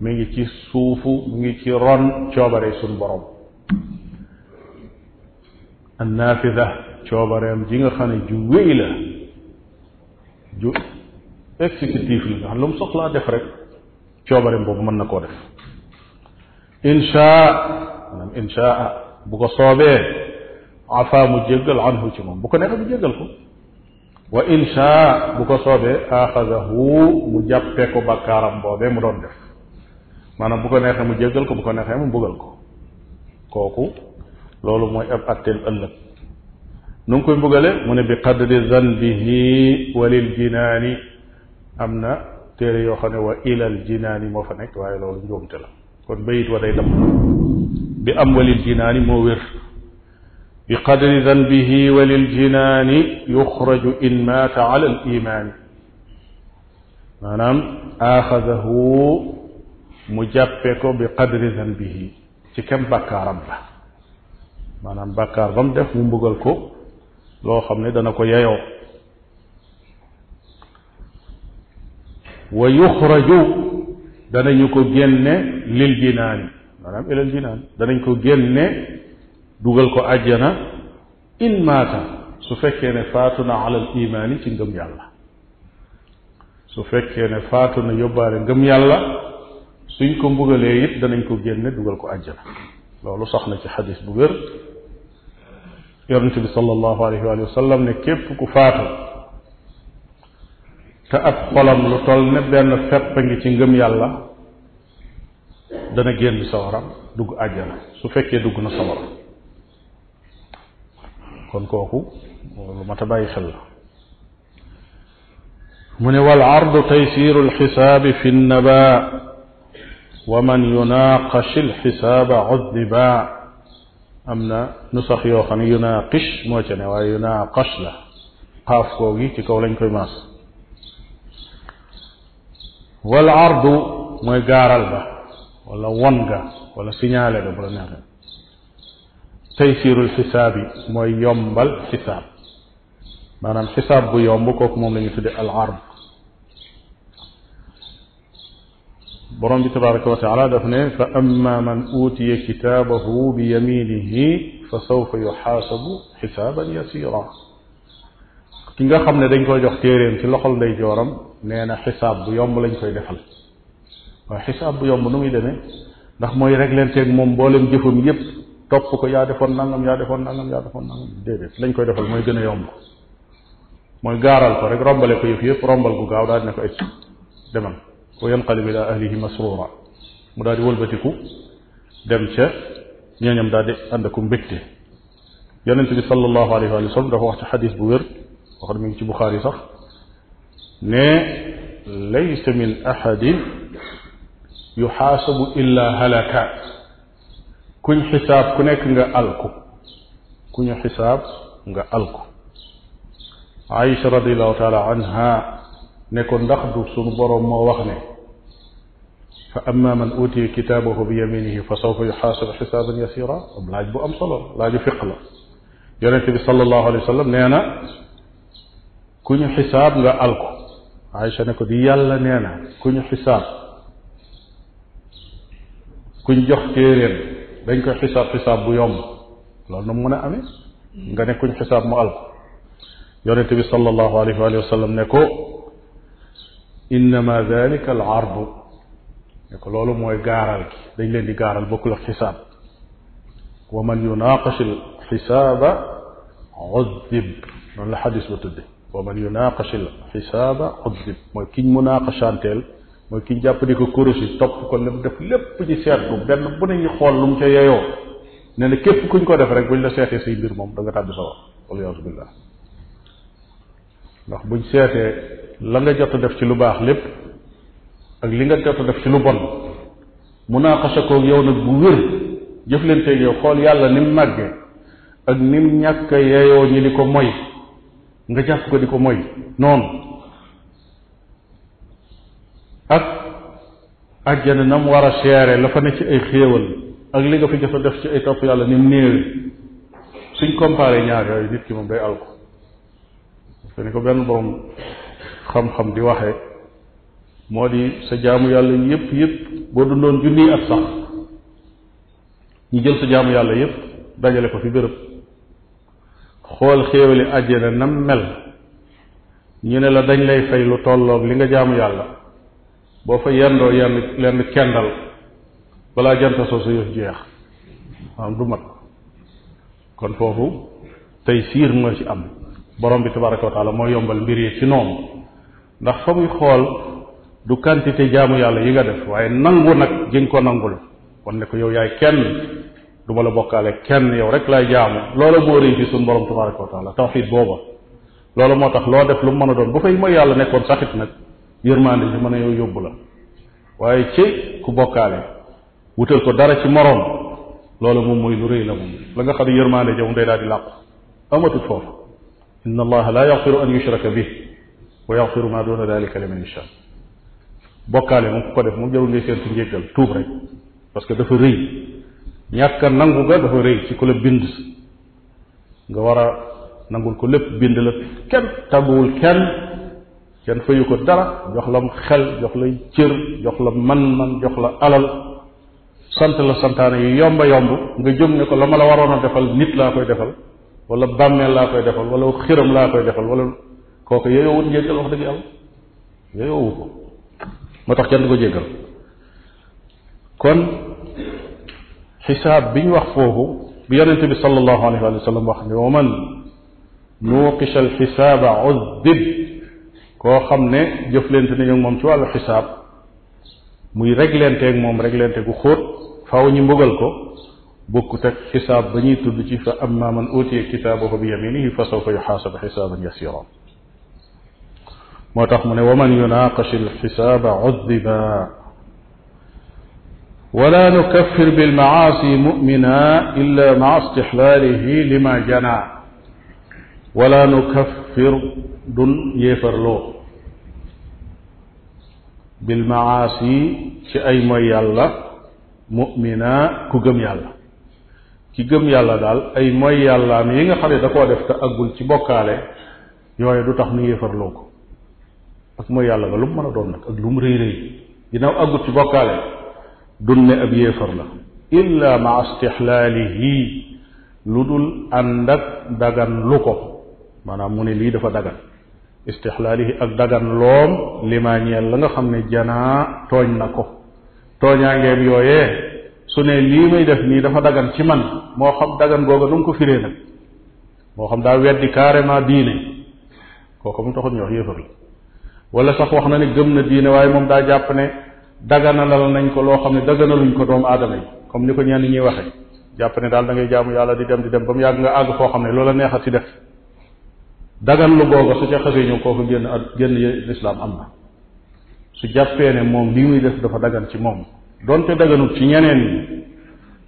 mi ngi ci suufu mi ngi ci ron coobare suñ borom an naafida coobareem ji nga xam ne ju wéy la ju exécutif la nga xam lu boobu mën na koo def inchaa maanaam bu ko soobee afaa mu jéggal anhu ci moom bu ko neexee mu jéggal ko wa insha bu ko soobee axadahu mu jàppee ko bakkaaram boobee mu doon def maanaam bu ko neexee mu jéggal ko bu ko neexee mu mbugal ko kooku loolu mooy ab atteel ëllëg nu koy mbugale mu ne bi qadri zanbihi walil jinaani am na téere yoo xam ne wa ilal jinaani moo fa nekk waaye loolu njuumte la kon bayit wa day dam bi am walil jinaani moo wér bi qadri danbihi wa lil jinaani yuxraju in maata ala al imaani maanaam aaxadahu mu jàppe ko bi qadri danbihi ci kem bàkkaaram la maanaam bàkkaar ba mu def mu mbugal ko loo xam ne dana ko yeyoo wa yuxraju danañu ko génne lil jinaani maanaam ilal jinaan danañ ko génne dugal ko àjjana in maata su fekkee ne faatu na alal imaani ci ngëm yàlla su fekkee ne faatu na yóbbaale ngëm yàlla suñ ko mbugalee it danañ ko génne dugal ko àjjana loolu sax na ci xadis bu wér yonente bi sallallahu alayhi wa ne képp ku faatu te ab xolam lu toll ne benn fepp ngi ci ngëm yàlla dana génn sawaram dugg àjjana su fekkee dugg na sawaram kon kooku lu mat a bàyyi xel la mu ne wal ardu taysiru alxisaabi fi nnaba wa man yunaaqashi alxisaaba udiba am na nu sax yoo xam ne yunaaqish moo ca ne waaye yunaaqash la xaaf koo gi ci kaw lañ koy maas wal ardu mooy gaaral ba wala won ga wala signalé ga bu la neexee taysirul xisaab yi mooy yombal xisaab maanaam xisaab bu yomb kook moom la ñu tudde al ard borom bi tabaraka wa taala daf ne fa amma man uutiya kitaabahu bi yaminihi fa sawfa yuxaasabu xisaaban yasira ki nga xam ne dañ koy jox téeréem ci loxol ndey jooram nee na xisaab bu yomb lañ koy defal waaye xisaab bu yomb nu muy demee ndax mooy réglanteeg moom mboolem jëfam yépp topp ko yaa defoon nangam yaa defoon nangam yaa defoon lañ koy defal mooy gën a yomb mooy gaaral ko rek rombale ko yëf yëpp rombal gu gaaw daal di ko it demal wa yanqalib ila ahlihi masrura mu daal di wëlbatiku dem ca ñooñam daal di ànd ak bi sallallahu alayhi wa sallam dafa wax ci xadis bu wér wax mi ngi ci buxaari sax ne laysa min ahadin yuxaasabu illa halaka kuñ xisaab ku nekk nga alku ku ñu xisaab nga alku aïcha radiallahu taala anha ne ko ndax du sunu boroom moo wax ne fa amma man utiya kitaabahu bi yaminihi fa sawfa yuxaasabu xisaaban yasira am laaj bu am solo laaju fiq la yonente bi sallallahu alayhi wa sallam nee na ku ñu xisaab nga alku Aïcha ne ko di yàlla nee na ku ñu xisaab kuñ jox téeréen dañ koy xisaab xisaab bu yomb loolu na mu mën a amee nga ne kuñ xisaab mu al yonente bi sallallahu alayhi wa sallam ne ko innama dalika al ardu ne ko loolu mooy gaaral gi dañ leen di gaaral bokkul ak xisaab wa man yunaaqash al xisaaba udib noonu la xadis ba tudde wa man yunaaqash al xisaaba udib mooy kiñ munaaqashanteel mooy ki ñu jàpp di ko corrigé topp ko li mu def lépp ñu seetlu benn bu ne ñu xool lu mu ca yeyoo nee na képp kuñ ko def rek buñ la seetee say mbir moom da nga tàbbi sawar waliyaasu billah ndax buñ seetee la nga jot def ci lu baax lépp ak li nga jot a def ci lu bon munaaqasa koog yow nag bu wér jëflanteeg yow xool yàlla ni mu màggee ak ni mu ñàkk a yeyoo ñi di ko moy nga jàpp ko di ko moy noonu ak àjjana na mu war a seere la fa ne ci ay xéewal ak li nga fi jot def ci ay topp yàlla ni mu suñ comparé ñaar yooyu nit ki moom day alko te ni ko benn borom xam-xam di waxee moo di sa jaamu yàlla yépp yépp boo dundoon junniy at sax ñu jël sa jaamu yàlla yépp dajale ko fi bërëb xool xéewali àjjana nam mel ñu ne la dañ lay fay lu tolloog li nga jaamu yàlla boo fa yendoo yenn lenn kendal balaa jant soo sa yëf jeex maanaam du mat kon foofu tey siir moo ci am borom bi tabaraka wa taala moo yombal mbir yi ci noonu ndax fa muy xool du quantité jaamu yàlla yi nga def waaye nangu nag gi nga ko nangul kon ne ko yow yaay kenn du ma la bokkaale kenn yow rek laay jaamu loola moo rëy ci suñu borom tabaraka wa taala booba loola moo tax loo def lu mu mën a doon bu fay mooy yàlla nekkoon saxit nag yërmande ji mën a yow waaye ci ku bokkaale wutal ko dara ci moroom loolu moom moy lu rëy la moom la nga xam ne yërmande ja moom day di làqu amatul foofu inna allaha la yaxfiru an yushraka bih wa yaxfiru ma duna dalika liman yasha bokkaale moom ku ko def moom jarul ngay seentu njéggal tuub parce que dafa rëy ñàkk a nangu nga dafa rëy ci ku la bind nga war a nangul ko lépp bind la kenn kenn fayu ko dara jox la xel jox la cër jox la man-man jox la alal sant la santaane yu yomba yomb nga jëm ne ko la ma la waroon a defal nit laa koy defal wala bàmmeel laa koy defal wala xiram laa koy defal wala kooku yooyowut njéggal wax dëgg yàlla yooyowu ko moo tax kenn du ko jéggal kon xisaab bi ñu wax foofu bi yeneen bi sallallahu alayhi wa sallam wax ne wa man nuuqisha alxisaaba uddib koo xam ne jëflante nañu ak moom ci wàllu xisaab muy réglante moom réglante gu xóot faaw ñu mbugal ko bokkut ak xisaab ba ñuy tu ci fa amma man utiya kitaabahu bi yaminihi fa sawfa yuxaasabu xisaaban yasiran moo tax mu ne wa man yunaaqash alxisaaba udiba wala nukaffir bilmaasi mumina illa maa istixlaalihi lima jana wala nukaffir dun yéefarloo bil maasi ci ku gëm yàlla gëm yàlla daal ay mooy yàllaam nga xam ne da ci bokkaale yooyu du tax nu yéefarloo ko yàlla nga lu mu mën ci bokkaale dun ne ab yéefar la illa ma istixlaalihi lu dul ànd ak dagan lu ko maanaam mu ne lii dafa dagan istixlaalihi ak dagan loom limaa ñeel la nga xam ne janaa tooñ na ko tooñaangeem yooyee su ne lii may def nii dafa dagan ci man moo xam dagan googa nu ko firee nag moo xam daa weddi carrément diine kooku mu taxut ñu wax yéefar la wala sax wax na ne gëm na diine waaye moom daa jàpp ne daganalal nañ ko loo xam ne daganaluñ ko doomu aadama yi comme ni ko ñenn ñuy waxe jàpp ne daal da ngay jaamu yàlla di dem di dem ba mu yàgg nga àgg foo xam ne loola neexati def dagan lu googa su ca xasee ñëw kooku génn at génn lislaam am na su jàppee ne moom li muy def dafa dagan ci moom donte daganut ci ñeneen ñi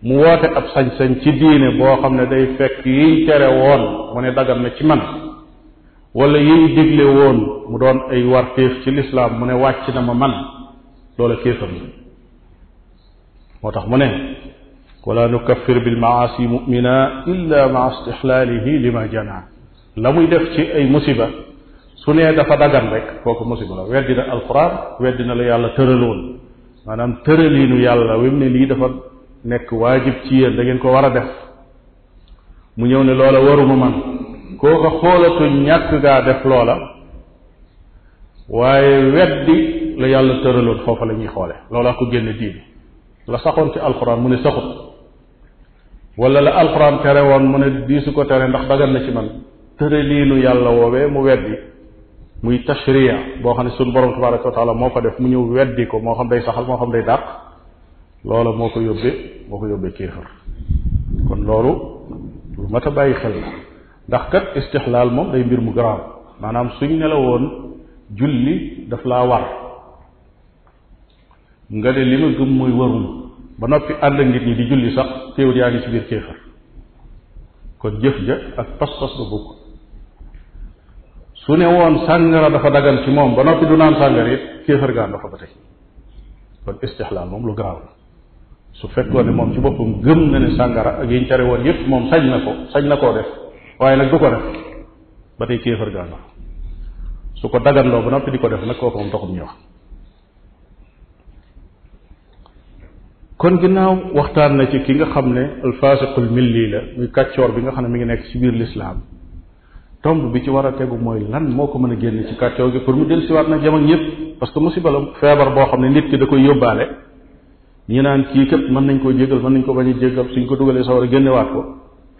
mu woote ab sañ-sañ ci diine boo xam ne day fekk yiy tere woon mu ne dagan na ci man wala yiy digle woon mu doon ay warteef ci lislaam mu ne wàcc na ma man loola kéefam la moo tax mu ne wala nukaffir bilmaasi mumina illa maa istixlaalihi lima jana la muy def ci ay musiba su nee dafa dagan rek kooku musiba la weddi na alquran weddi na la yàlla tëraloon maanaam tëraliinu yàlla wim ne lii dafa nekk waajib ci yéen da ko war a def mu ñëw ne loola waruma man kooka xoolatu ñàkk gaa def loola waaye weddi la yàlla tëraloon foofa la ñuy xoole loola ko génne diine la saxoon ci alquran mu ne saxut wala la alquran tere woon mu ne diisu ko tere ndax dagan na ci man tëraliinu yàlla woowee mu weddi muy tashriya boo xam ne suñu borom tabaraka wa taala moo ko def mu ñëw weddi ko moo xam day saxal moo xam day dàq loola moo ko yóbbee moo ko yóbbee kéefër kon loolu lu mat a bàyyi xel la ndax kat moom day mbir mu garaaw maanaam suñ ne la woon daf laa war nga ne li ma ba noppi ànd nit ñi di julli sax téewut yaa ngi ci biir jëf ja ak pas-pas ba bokk su ne woon sàngara dafa dagan ci moom ba noppi du naan sàngara it kéefar gaan dafa ba tey kon istixlaal moom lu garaaw la su fekkoon ne moom ci boppam gëm na ne sàngara ak yiñ tere woon yépp moom sañ na ko sañ na koo def waaye nag du ko def ba tey kéefar gaan su ko daganloo ba noppi di ko def nag ko moom taxum ñu wax kon ginnaaw waxtaan na ci ki nga xam ne alfasiqul milli la muy kàccoor bi nga xam ne mi ngi nekk ci biir lislaam tomb bi ci war a tegu mooy lan moo ko mën a génn ci kàccoo gi pour mu del siwaat nag jam ak ñëpp parce que musiba la feebar boo xam ne nit ki da koy yóbbaale ñi naan kii kat mën nañ koo jégal mën nañ ko bañ a jégal suñ ko dugalee sawar a génnewaat ko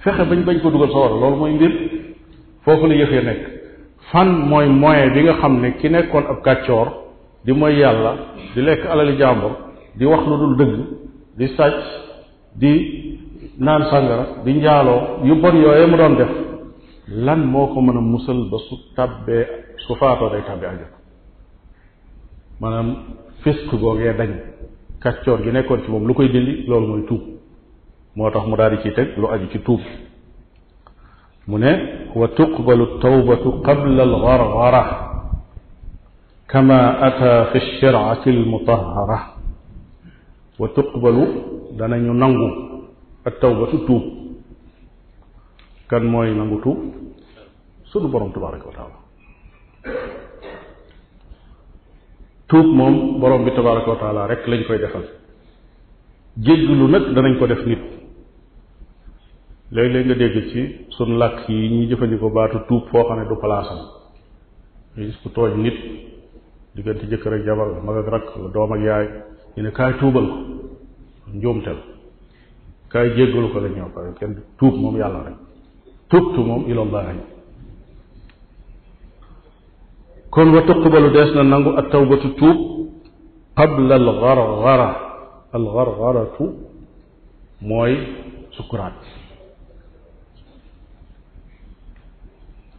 fexe bañ bañ ko dugal sawar loolu mooy mbir foofu la yëfee nekk fan mooy moyen bi nga xam ne ki nekkoon ab kàccoor di mooy yàlla di lekk alali jàmbur di wax lu dul dëgg di sàcc di naan sàngara di njaaloo yu bon yooyee lan moo ko mën a musal ba su tabbee su faatoo day tàbbi àjjana maanaam fisq googee dañ kàccoor gi nekkoon ci moom lu koy dindi loolu mooy tuub moo tax mu daal di ciy teg lu aju ci tuub mu ne wa tuqbalu tawbatu qabla al gargara kama ata fi shirati al mutahara wa tuqbalu nangu ak tuub kan mooy nangu tuub sunu borom tabaraka tuub moom boroom bi tabaraka wa taala rek lañ koy defal jéggalu nag danañ ko def nit léeg-léeg nga dégg ci sunu làkk yi ñu jëfandikoo baatu tuub foo xam ne du palaasam nga gis nit diggante jëkkër ak jabar mag ak rakk wala doom ak yaay ñu kaay tuubal ko njuumtel kaay jéggalu ko la pare kenn tuub moom yàlla rek tubtu moom ilallahi kon wa tuqbalu dees na nangu at tawbatu tuub qabla al gargara al gargaratu mooy sukuraat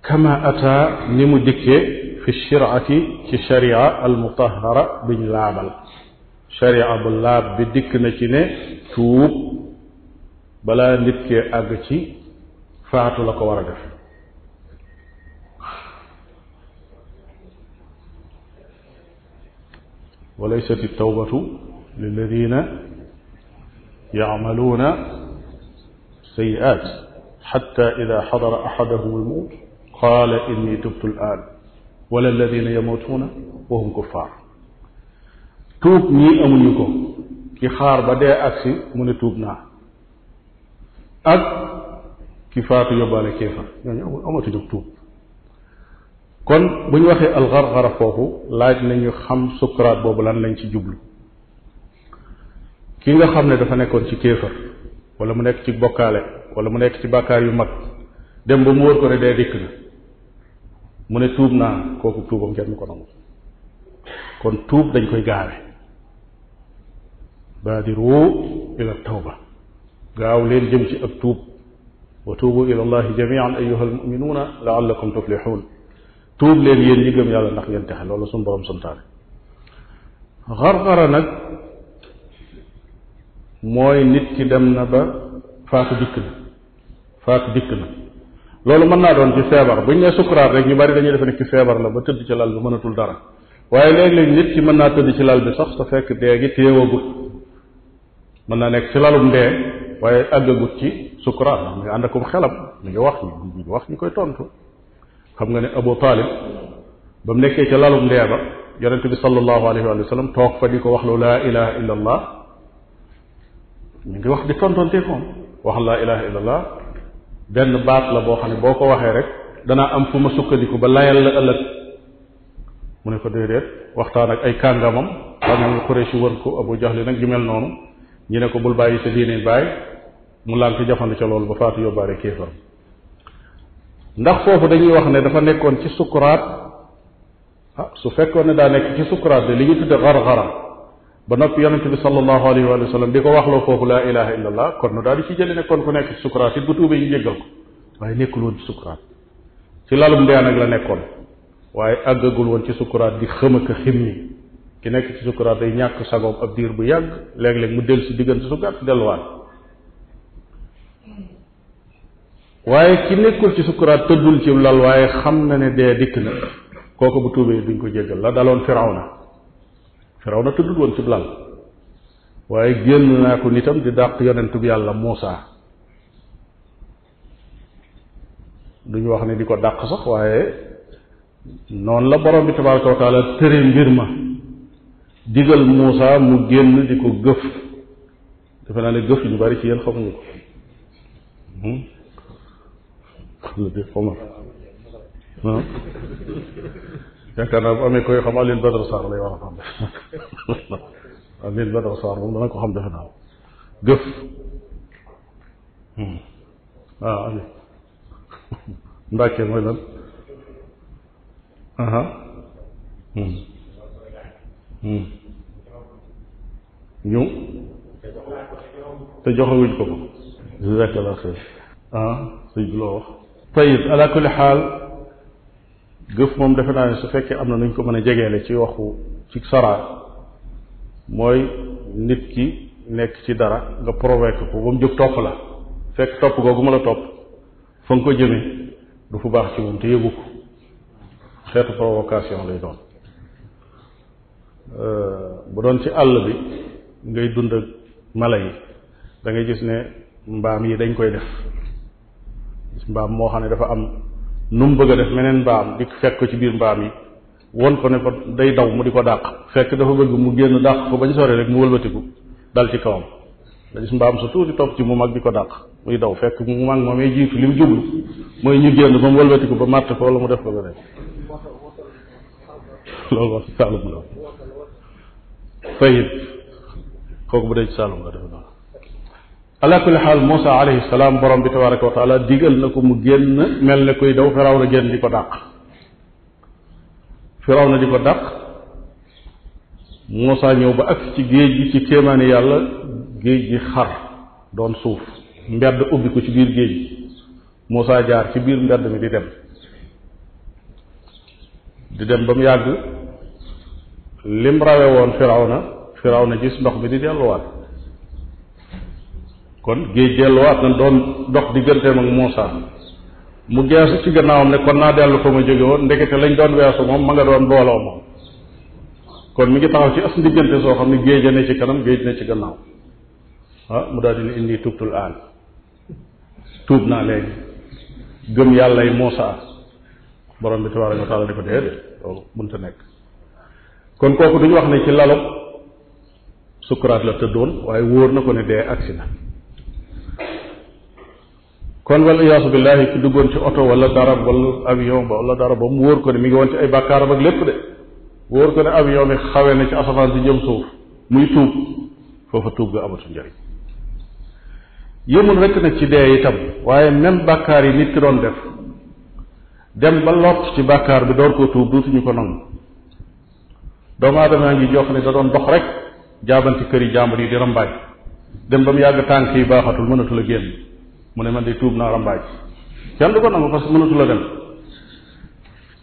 kama ata ni mu dikkee fi shirati ci sharia al mutahara biñ laabal sharia bu laab bi dikk na ci ne tuub balaa nit kee àgg ci faatu la ko war a def walaysat altawbatu lilladina yacmaluuna sayi'aat xatta ida xadara axadahum almawt qaala inni tubtu alaan wala alladina yamutuuna wa hum kuffaar tuub ñii amuñu ko ki xaar ba dee agsi mu ne tuub naa ak ki faatu yóbbaale kéefar ñooñu amul amatu jóg tuub kon bu ñu waxee alxarxara foofu laaj nañu xam sukuraat boobu lan lañ ci jublu ki nga xam ne dafa nekkoon ci kéefar wala mu nekk ci bokkaale wala mu nekk ci bàkkaar yu mag dem ba mu wër ko ne dee dikk na mu ne tuub naa kooku tuubam kenn ko nangu kon tuub dañ koy gaawe baadiru ila tawba gaaw leen jëm ci ak tuub wa tuubu ila allahi jamian ayuha almuminuuna laallakum tuflixuun tuub leen yéen ñi gëm yàlla ndax ngeen texe loolu suñu borom santaane xarxara nag mooy nit ki dem na ba faatu dikk na faatu dikk na loolu mën naa doon ci feebar bu ñu nee sukuraat rek ñu bari dañuy defe ne ci feebar la ba tëdd ci lal bi mënatul dara waaye léeg-léeg nit ki mën naa tëdd ci lal bi sax te fekk dee gi téewagut mën naa nekk ci lalum dee waaye àggagut ci sukuraat ndax mu ngi ànd akum xelam mi ngi wax ñu mi koy tontu xam nga ne Abu Talib ba mu nekkee ca lalum ndee ba yonente bi sallallahu alayhi wa sallam toog fa ko wax lu laa ilaha illa allah ñu ngi wax di wax laa ilaha illa allah benn baat la boo xam ne boo ko waxee rek danaa am fu ma sukkandiku ba layal la ëllëg mu ne ko déedéet waxtaan ak ay kàngamam kàngamam Quraysh wër ko Abu Jahl nag gi mel noonu ñu ne ko bul bàyyi sa diine bàyyi mu lànk jafandu ca loolu ba faatu yóbbaale kéefam ndax foofu dañuy wax ne dafa nekkoon ci sukuraat a ah, su fekkoon ne daa nekk ci sukuraat li ñu tudde xar-xara ba noppi yonente bi sallallahu alayhi wa sallam di ko waxloo foofu laa ilaha kon nu daal di ci jëli ne kon nekk ci sukuraat it bu tuubee waaye nekkul ci sukuraat ci lalum dee nag la nekkoon waaye àggagul woon ci sukuraat di xëm ak xim ni ki nekk day ñàkk sagoom ab diir bu yàgg léeg-léeg mu del si diggante su gàtt delluwaat waaye ki nekkul ci sukkuraat tëddul ci lal waaye xam na ni dee dikk na kooku bu tuubee duñ ko jéggal la daloon firawna firawna tëddul woon cib lal waaye génn naa ko nitam di dàq yonent bi yàlla Muusa duñu wax ne di ko dàq sax waaye noonu la borom bi tabaraka wa taala tëre mbir ma digal Muusa mu génn di ko gëf defe naa ne gëf yu bari ci yéen xamuñu ko hmm? bi Omar ah yaakaar naa bu amee koy xam Alioune Badara Sarr lay war a xam (laughs) Alioune Badara Sarr moom dana ko xam defe naa gëf waaw Aliou Mbàkke mooy lan hmm. hmm. ñu te joxewuñ ko ko. jazakallah xeer ah sëñ bi loo wax tayib ala kulli xaal gëf moom defe naa ni su fekkee am na nuñ ko mën a jegeele ci waxu ci saraa mooy nit ki nekk ci dara nga provoqué ko ba mu jóg topp la fekk topp googu ma la topp fa nga ko jëmee du fu baax ci moom te yëgu ko xeetu provocation lay doon bu doon ci àll bi ngay dund ak mala yi da ngay gis ne mbaam yi dañ koy def mbaam moo xam ne dafa am nu mu bëgg a def meneen mbaam di fekk ko ci biir mbaam yi won ko ne ko day daw mu di ko dàq fekk dafa bëgg mu génn dàq ko bañ sore rek mu wëlbatiku dal ci kawam mbaam su tuuti topp ci mu mag di ko dàq muy daw fekk mu mag moom may jiitu li mu jublu mooy ñu génn ba mu wëlbatiku ba màtt koo la mu def ko ba def loolu kooku bu dee ci saalum la def ala kulli xaal Moussa alayhi salaam borom bi tabaraka wa taala digal na ko mu génn mel ni kuy daw firaw na génn di ko dàq firaw na di ko dàq Moussa ñëw ba ak ci géej gi ci kéemaani yàlla géej gi xar doon suuf mbedd ubbi ko ci biir géej gi Moussa jaar ci biir mbedd mi di dem di dem ba mu yàgg lim rawe woon firaw na firaw na gis ndox mi di delluwaat kon géej delluwaat na doon dox digganteem ak Muusa mu geesu ci gannaawam ne kon naa dellu fa ma jóge woon ndekete lañ doon weesu moom ma nga doon booloo moom kon mi ngi taxaw ci as diggante soo xam ne géej a ci kanam géej ne ci gannaaw ah mu daal di ne indi tubtul aan tuub naa léegi gëm yàlla yi Muusa borom bi tabaaraka wa taala ne ko déedéet loolu mënta nekk kon kooku duñu wax ne ci lalop sukuraat la tëddoon waaye wóor na ko ne dee agsi na kon wala iyaasu billahi ki duggoon ci oto wala dara wala avion ba wala dara ba mu wóor ko ne mi ngi woon ay bàkkaaram ak lépp de wóor ko ne avion bi xawee na ci asafaan si jëm suuf muy tuub foofa tuub ga amatu njëriñ yëmul rekk nag ci dee itam waaye même bàkkaar yi nit ki doon def dem ba lott ci bàkkaar bi door koo tuub duutuñu ko nangu doomu aadama ngi jox ne da doon dox rek jaabanti kër yi jàmbur yi di rambaaj dem ba mu yàgg tànk yi baaxatul mënatul a génn mu ne man de tuub naa rambaaj kenn du ko nangu parce que mënatu la dem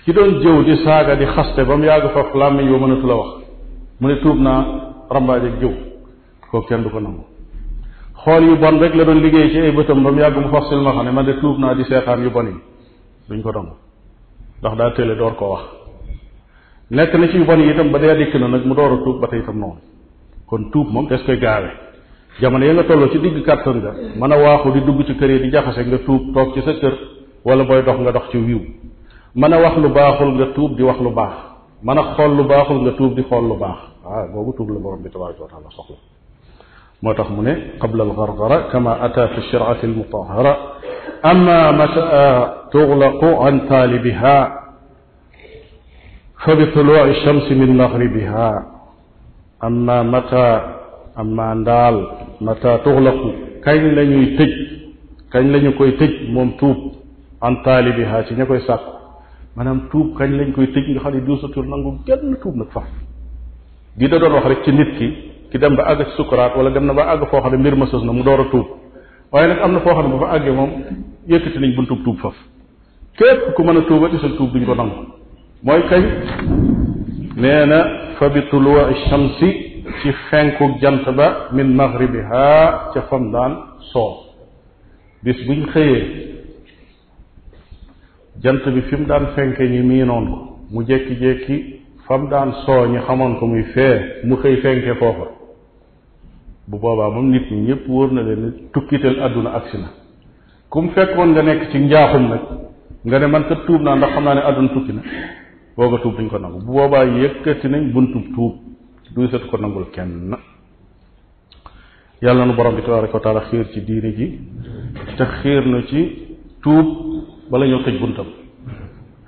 ki doon jëw di saaga di xaste ba mu yàgg faf làmmiñ wa mënatu la wax mu ne tuub naa rambaaj ak jëw kooku kenn du ko nangu xool yu bon rek la doon liggéey ci ay bëtam ba mu yàgg mu faf silmaxa ne man de tuub naa di seetaan yu bon yi duñ ko nangu ndax daa télé door koo wax nekk na ci yu bon yi itam ba dee dikk na nag mu door a tuub ba tey itam noonu kon tuub moom des koy gaawe jamono ya nga tolloo ci digg kàttan nga mën a waaxu di dugg ci kër yi di jaxase nga tuub toog ci sa kër wala booy dox nga dox ci wiw mën a wax lu baaxul nga tuub di wax lu baax mën a xool lu baaxul nga tuub di xool lu baax ah boobu tuub la borom bi tabaraka wa taala soxla moo tax mu ne qabla algargara kama ata fi shirati almutahara ama mata tuglaqu an taalibiha fa bituluu shamsi min maghribiha ama mata amma ndaal mata tuxlaqu kañ la ñuy tëj kañ la ñu koy tëj moom tuub bi taalibiha ci ña koy sàkku maanaam tuub kañ lañ koy tëj nga xam ne duusatul nangu genn tuub nag faf di da doon wax rek ci nit ki ki dem ba àgg ci sukuraat wala dem na ba àgg foo xam ne mbir ma sës na mu door a tuub waaye nag am na foo xam ne ba fa àggee moom yëkkati nañ buntub tuub faf képp ku mën a tuubati sa tuub duñ ko nangu mooy kañ nee na fa bi tuluwa shamsi ci fenkuk jant ba min maghribiha ca fam daan soo bis buñ xëyee jant bi fi mu daan fenke ñi miinoon ko mu jékki-jékki fam daan soo ñi xamoon ko muy fee mu xëy fenke foofa bu boobaa moom nit ñi ñëpp wóor na leen ni tukkiteel àdduna agsi na ku mu fekkoon nga nekk ci njaaxum nag nga ne man kat tuub naa ndax xam naa ne àdduna tukki na boo ko tuub duñ ko nangu bu boobaa yëkkati nañ buntub tuub duusat ko nangul kenn yàlla nu borom bi tabaraka wa taala xiir ci diine ji te xiir na ci tuub bala ñoo tëj buntam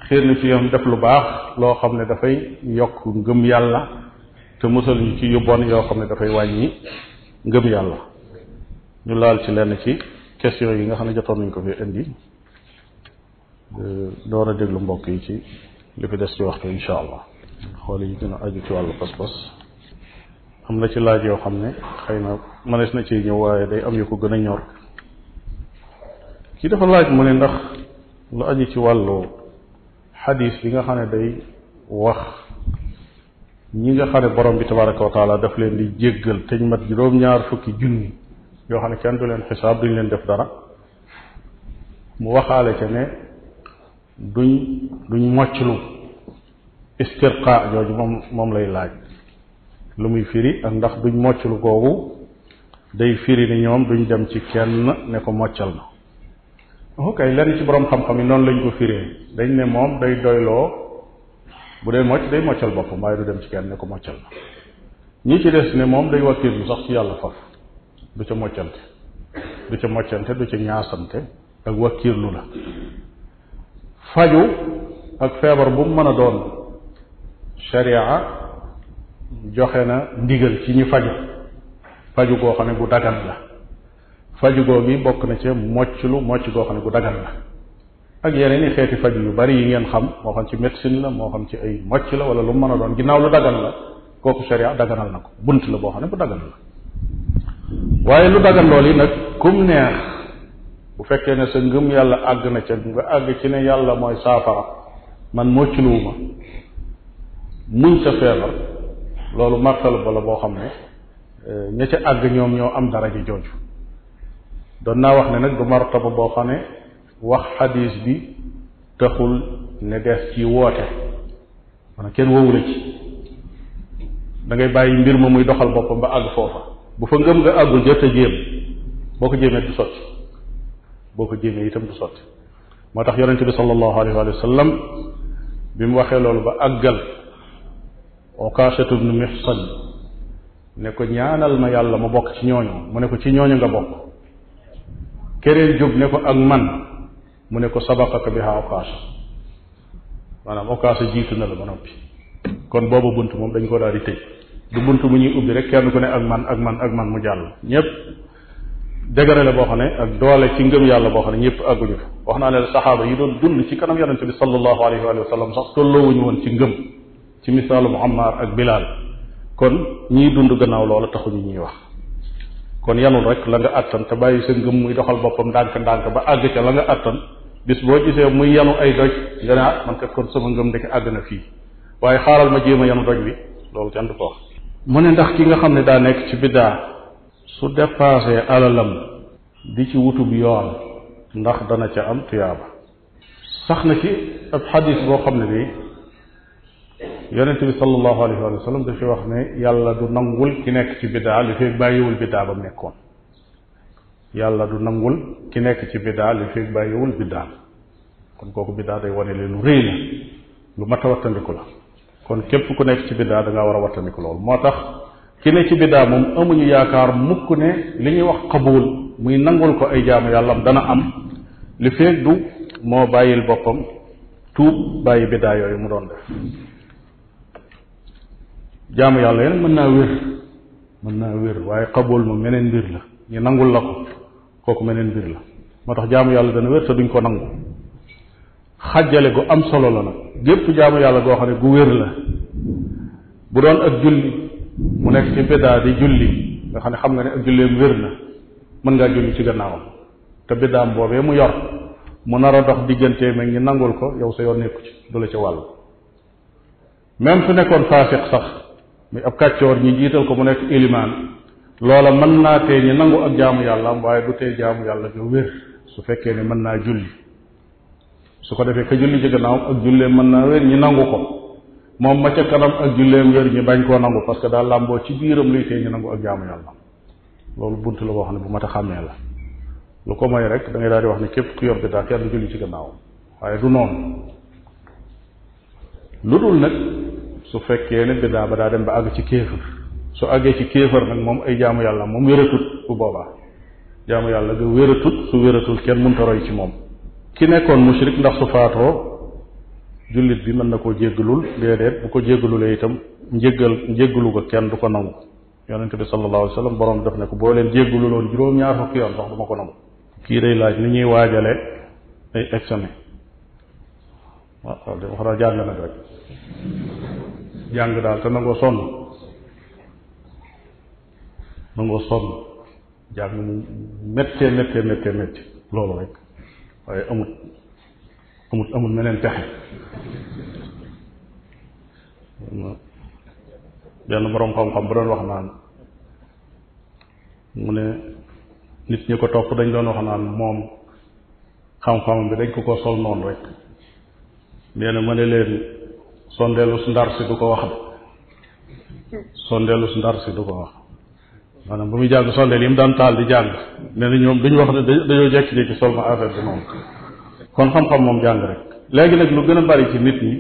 xiir na ci yoon def lu baax loo xam ne dafay yokk ngëm yàlla te musal ñu ci yu yoo xam ne dafay wàññi ngëm yàlla ñu laal ci lenn ci question yi nga xam ne jotoon nañ ko fi indi euh, door a déglu mbokk yi ci li fi des ci waxtu insha allah xool yi gën a aju ci wàllu pas-pas am na ci laaj yoo xam ne xëy na mënees na ci ñëw waaye day am yu ko gën a ñor ki dafa laaj mu ne ndax lu aju ci wàllu xadis yi nga xam ne day wax ñi nga xam ne borom bi tabaraka wa taala daf leen di jéggal teñ mat juróom-ñaar fukki junni yoo xam ne kenn du leen xisaab duñ leen def dara mu waxaale ca ne duñ duñ mocclu istirqa jooju moom moom lay laaj lu muy firi ak ndax duñ mocc lu googu day firi ni ñoom duñ dem ci kenn ne ko moccal na ok lenn ci borom xam-xam yi noonu lañ ko firee dañ ne moom day doyloo bu dee mocc day moccal boppam waaye du dem ci kenn ne ko moccal na ñi ci des ne moom day wakkiirlu sax ci yàlla faf du ca moccante du ca moccante du ca ñaasante ak wakkiirlu la faju ak feebar bu mu mën a doon sharia joxe na ndigal ci ñu faju faju goo xam ne bu dagan la faju goo bi bokk na ci mocc lu mocc goo xam ne bu dagan la ak yeneen i xeeti faju yu bari yi ngeen xam moo xam ci médecine la moo xam ci ay mocc la wala lu mën a doon ginnaaw lu dagan la kooku sharia daganal na ko bunt la boo xam ne bu dagan la waaye lu dagan yi nag kum neex bu fekkee ne sa ngëm yàlla àgg na ca nga àgg ci ne yàlla mooy saafara man mocc luwuma muñ sa feebar loolu martala ba la boo xam ne euh, ña ca àgg ñoom ñoo am daraja jooju doon naa wax ne nag du martaba boo xam ne wax xadiis bi taxul ne des ci woote maanaam kenn wowula ci da bàyyi mbir ma muy doxal boppam ba àgg foofa bu fa ngëm nga àggul jot a jéem boo ko jéemee du sotti boo ko jéemee itam du sotti moo tax yonente bi sallallahu alayhi wa sallam bi mu waxee loolu ba àggal Ukaashatu bnu Mihsan ne ko ñaanal ma yàlla ma bokk ci ñooñu mu ne ko ci ñooñu nga bokk keneen jub ne ko ak man mu ne ko bi biha Ukaasha maanaam Ukaasha jiitu na la ba noppi kon booba bunt moom dañ ko daal di tëj du bunt mu ñuy ubbi rek kenn ku ne ak man ak man ak man mu jàll ñépp dëgëre boo xam ne ak doole ci ngëm yàlla boo xam ne ñëpp àgguñu fa wax naa ne saxaaba yi doon dund ci kanam yonente bi sallallahu sax tolloowuñu woon ci ngëm ci misaalum Ammar ak bilaal kon ñiy dund gannaaw loola ñu ñuy wax kon yanul rek la nga àttan te bàyyi sa ngëm muy doxal boppam ndànk-ndànk ba àgg ca la nga àttan bis boo gisee muy yanu ay doj nga ne ah man kat kon sama ngëm ndeke àgg na fii waaye xaaral ma jéem a yanu doj bi loolu kenn du ko wax mu ne ndax ki nga xam ne daa nekk ci biddaa su dépassé alalam di ci wutub yoon ndax dana ca am tuyaaba sax na ci ab xadis boo xam ne bi yonente bi sallallahu alayhi wa sallam dafa wax ne yàlla du nangul ki nekk ci biddaa li fekk bàyyiwul biddaa ba mu nekkoon yàlla du nangul ki nekk ci biddaa li fekk bàyyiwul biddaa kon kooku biddaa day wane leen lu rëy la lu mat a wattandiku la kon képp ku nekk ci biddaa danga war a wattandiku loolu moo tax ki ne ci biddaa moom amuñu yaakaar mukk ne li ñuy wax xabuul muy nangul ko ay jaamu yàllam dana am li fekk du moo bàyyil boppam tuub bàyyi biddaa yooyu mu doon jaamu yàlla yeneen mën naa wér mën naa wér waaye xabool moom meneen mbir la ñu nangul la ko kooku meneen mbir la moo tax jaamu yàlla dana wér te duñ ko nangu xajjale gu am solo la nag gépp jaamu yàlla goo xam ne gu wér la bu doon ak julli mu nekk ci biddaa di julli nga xam ne xam nga ne ak julleem wér na mën ngaa julli ci gannaawam te biddaam boobee mu yor mu nar a dox diggantee mag ñi nangul ko yow sa yoon nekku ci du la ca wàll même su nekkoon faasiq muy ab kàccoor ñi jiital ko mu nekk ilimaan loola mën naa tee ñi nangu ak jaamu yàlla am waaye du tee jaamu yàlla nga wér su fekkee ne mën naa julli su ko defee ka julli ci gannaaw ak julleem mën naa wér ñi nangu ko moom ma ca kanam ak julleem wér ñi bañ koo nangu parce que daal làmboo ci biiram luy tee ñi nangu ak jaamu yàlla loolu bunt la boo xam ne bu mat a xàmmee la lu ko moy rek da ngay daal di wax ne képp ku yor bidaa kenn julli ci gannaaw waaye du su fekkee ne biddaa ba daa dem ba àgg ci kéefër su àggee ci kéefër nag moom ay jaamu yàlla moom wératut bu boobaa jaamu yàlla ga wératut su wératul kenn mënta roy ci moom ki nekkoon mushrik ndax su faatoo jullit bi mën na koo jéggalul déedéet bu ko jéggalulee itam njéggal njéggalu ko kenn du ko nangu yonente bi sallallahu alayhi wa sallam def ne ko boo leen jéggaluloon juróom yoon sax du ma ko nangu kii day laaj ni ñuy waajale ay examen waaw wax naa jàng nag rek jàng daal te nangoo sonn nangoo sonn jàng mu méttee méttee méttee métti loolu rek waaye amut amut amut meneen pexe benn boroom xam-xam bu doon wax naan mu ne nit ñi ko topp dañ doon wax naan moom xam-xamam bi dañ ko ko sol noonu rek nee na ma ne leen sondeelus ndar si du ko wax hmm. sondeelus si du ko wax maanaam bu muy jàng sondeel yi mu daan taal di jàng nee na ñoom duñu wax ne dañoo jekki-jekki sol ma affaire bi noonu kon xam-xam moom jàng rek léegi nag lu gën a bari ci nit ñi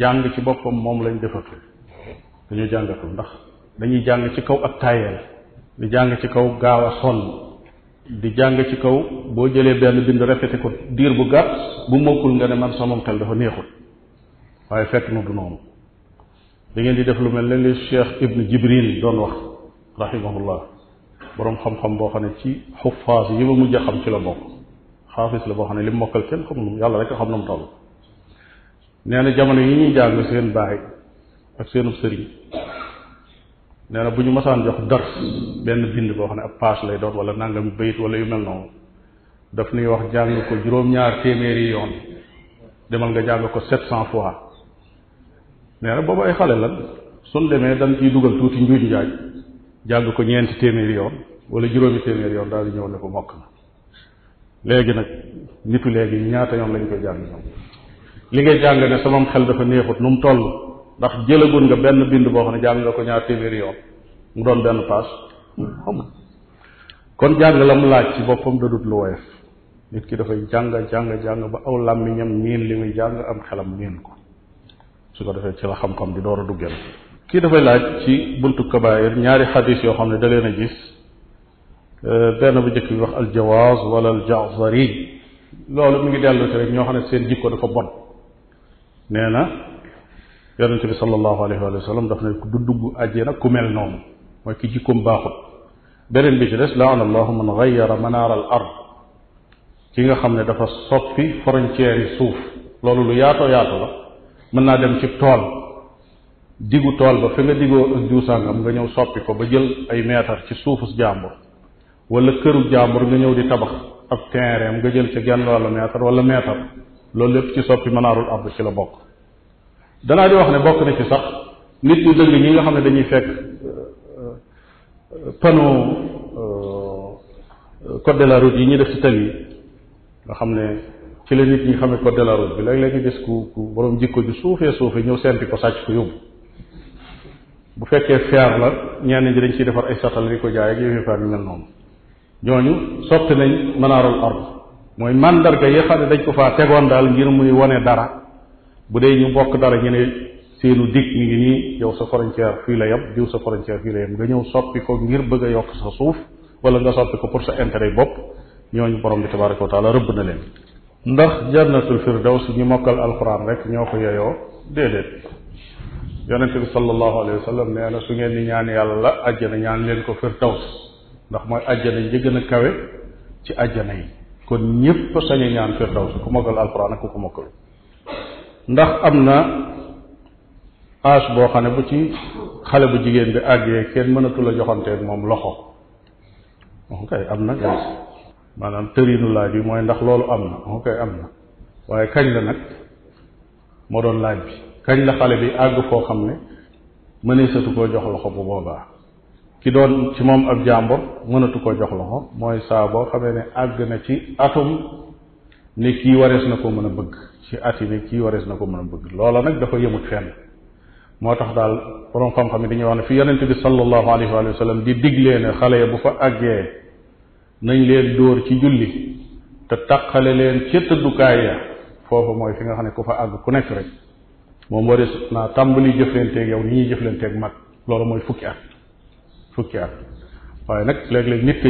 jàng ci boppam moom lañ defatul dañoo jàngatul ndax dañuy jàng ci kaw ak taayeel di jàng ci kaw gaaw a sonn di jàng ci kaw boo jëlee benn bind répété ko diir bu gàtt bu mokkul nga ne man sama xel dafa neexul waaye fekk na du noonu da ngeen di def lu mel ne li cheikh ibn jibril doon wax rahimahullah boroom xam-xam boo xam ne ci xuffaas yi ma mujj xam ci la bokk xaafis la boo xam ne li mu mokkal kenn xam nu yàlla rek a xam na mu toll nee na jamono yi ñuy jàng seen baay ak seenub sëriñ nee na bu ñu masaan jox dars benn bind boo xam ne ab page lay doon wala nangami bayit wala yu mel noonu daf nuy wax jàng ko juróom-ñaar téeméeri yoon demal nga jàng ko sept cent nee na boobu ay xale lan suñ demee dañ ciy dugal tuuti njuuj njaaj jàng ko ñeenti téeméeri yoon wala juróomi téeméeri yoon daal di ñëw ne ko mokk na léegi nag nitu léegi ñaata ñoom lañ koy jàng ñoom li ngay jàng dafa neexut nu mu toll ndax jëlagun nga benn bind boo xam ne jàng nga ko ñaar téeméeri yoon mu doon benn paas kon jàng la mu laaj ci boppam da dut lu woyof nit ki dafay jàng jàng jàng ba aw làmmiñam miin li muy jàng am xelam miin ko su ko defee ci la xam-xam di door a duggee kii dafay laaj ci buntu kabaayir ñaari xadis yoo xam ne dalee na a gis euh, benn bu njëkk bi wax aljawaaz wala aljazari loolu mu ngi dellu ci ñoo xam ne seen jikko dafa bon nee na yonente bi sallallahu alayhi wa sallam daf ne du dugg àjjana ku mel noonu mooy ki jikkoom baaxut beneen bi ci des laana allahu man gayara manaara al ard ki nga xam ne dafa soppi frontière yi suuf loolu lu yaatoo yaatu la mën naa dem ci tool digu tool ba fi nga digoo ak jiw sàngam nga ñëw soppi ko ba jël ay meetar ci suufus jàmbur wala këru jàmbur nga ñëw di tabax ak terrain nga jël ci genn wala meetar wala meetar loolu lépp ci soppi manaarul àbb ci la bokk danaa di wax ne bokk na ci sax nit ñu dëng ñi nga xam ne dañuy fekk euh, panneau euh, code de la route yi ñu def ci tali nga xam ne ci la nit ñi xamee code de la route bi léeg-léeg gis ku ku borom jikko ju suufee suufee ñëw senti ko sàcc ko yóbbu bu fekkee feer la ñenn ñi dañ ciy defar ay satala ko jaay ak yooyu feer yu mel noonu ñooñu soppi nañ manaarul ard mooy mandarga yi xam ne dañ ko faa tegoon daal ngir muy wane dara bu dee ñu bokk dara ñu ne seenu dig ngi nii yow sa frontière fii la yem diw sa frontière fii la yem nga ñëw soppi ko ngir bëgg a yokk sa suuf wala nga soppi ko pour sa intérêt bopp ñooñu borom bi tabaraka wa taala rëbb na leen ndax jannatul firdaws ñu mokkal alquran rek ñoo ko yeyoo déedéet yonente bi sallallahu alayhi wa sallam su ngeen di ñaan yàlla la ajjana ñaan leen ko firdaws ndax mooy ajjana yi gën a kawe ci ajjana yi kon ñépp sañ a ñaan firdaws ku mokkal alquran ak ku ko mokkal ndax am na âge boo xam ne bu ci xale bu jigéen bi àggee kenn mënatu la joxanteeg moom loxo ok am na maanaam tërinu laaj bi mooy ndax loolu am na moo koy am na waaye kañ la nag moo doon laaj bi kañ la xale bi àgg koo xam ne mëneesatu koo jox loxo bu boobaa ki doon ci moom ab jàmbur mënatu koo jox loxo mooy saaboo boo xamee ne àgg na ci atum ne kii warees na koo mën a bëgg ci at yi ne kii warees na ko mën a bëgg loola nag dafa yëmut fenn moo tax daal boroom xam-xam yi dañuy wax ne fi yonente bi sallallahu alayhi wa sallam di diglee ne xale ya bu fa àggee nañ leen dóor ci julli te taqale leen ca tëddukaay ya foofu mooy fi nga xam ne ku fa àgg ku nekk rek moom waris naa tàmbali jëflanteeg yow ni ñuy jëflanteeg mag loolu mooy fukki at fukki at waaye nag léeg-léeg nit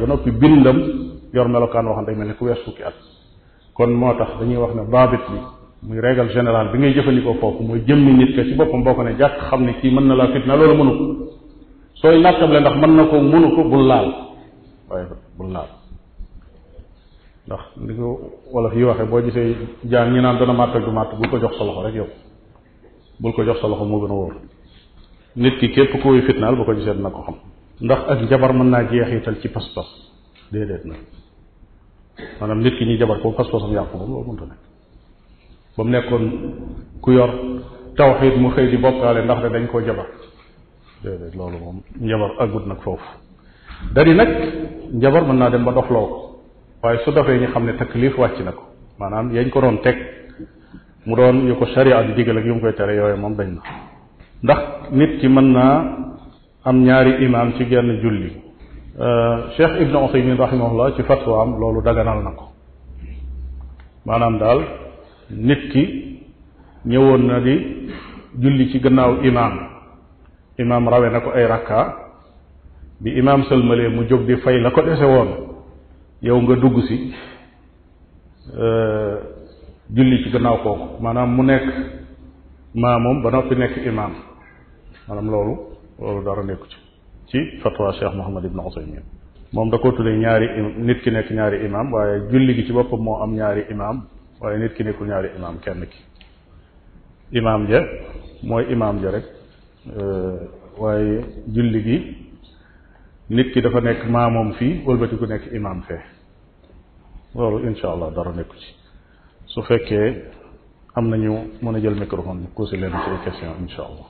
ba noppi bindam yor melokaan waxam day mel ne ku wees fukki at kon moo tax dañuy wax ne baabit bi muy régal général bi ngay jëfandikoo foofu mooy jëmmi nit ka ci boppam boo ko ne jàkk xam ne kii mën na laa fitna loolu mënu ko sooy nattab le ndax mën na ko mënu ko bul laal waaye bul laal ndax ni ko wolof yi waxee boo gisee jaan ñi naan dana màtt ak màtt bul ko jox sa loxo rek yow bul ko jox sa loxo moo gën a wóor nit ki képp koy fitnaal bu ko gisee dina ko xam ndax ak jabar mën naa jeexital ci pas-pas déedéet na maanaam nit ki ñuy jabar ko pas-pasam yàqu moom loolu mënta nekk ba mu nekkoon ku yor tawxiid mu xëy di bokkaale ndax de dañ koo jabar déedéet loolu moom ak agut nag foofu dari nag njabar mën naa dem ba doxloo ko waaye su defee ñu xam ne taklif wàcc na ko maanaam yañ ko doon teg mu doon yu ko sharia di digal ak yu mu koy tere yooyu moom dañ na ndax nit ki mën naa am ñaari imaam ci genn julli euh, cheikh ibnu usaymin rahimahullah ci fatwaam loolu daganal na ko maanaam daal nit ki ñëwoon na di julli ci gannaaw imaam imaam rawe na ko ay rakka bi imaam sëlmalee mu jóg di fay la ko dese woon yow nga dugg si euh, julli ci gannaaw kooku maanaam mu nekk maamum ba noppi nekk imaam maanaam loolu loolu dara nekku ci ci fatwa Cheikh Mouhamad Ibn Ousaymin moom da ko tuddee ñaari ki nekk ñaari imaam waaye julli gi ci boppam moo am ñaari imaam waaye nit ki nekkul ñaari imaam kenn ki imaam ja mooy imaam ja rek euh, waaye julli gi nit ki dafa nekk maamoom fii wëlbati ku nekk imaam fee loolu incha dara nekku ci su fekkee am nañu mën a jël microphone bi posé leen ci ay question incha allah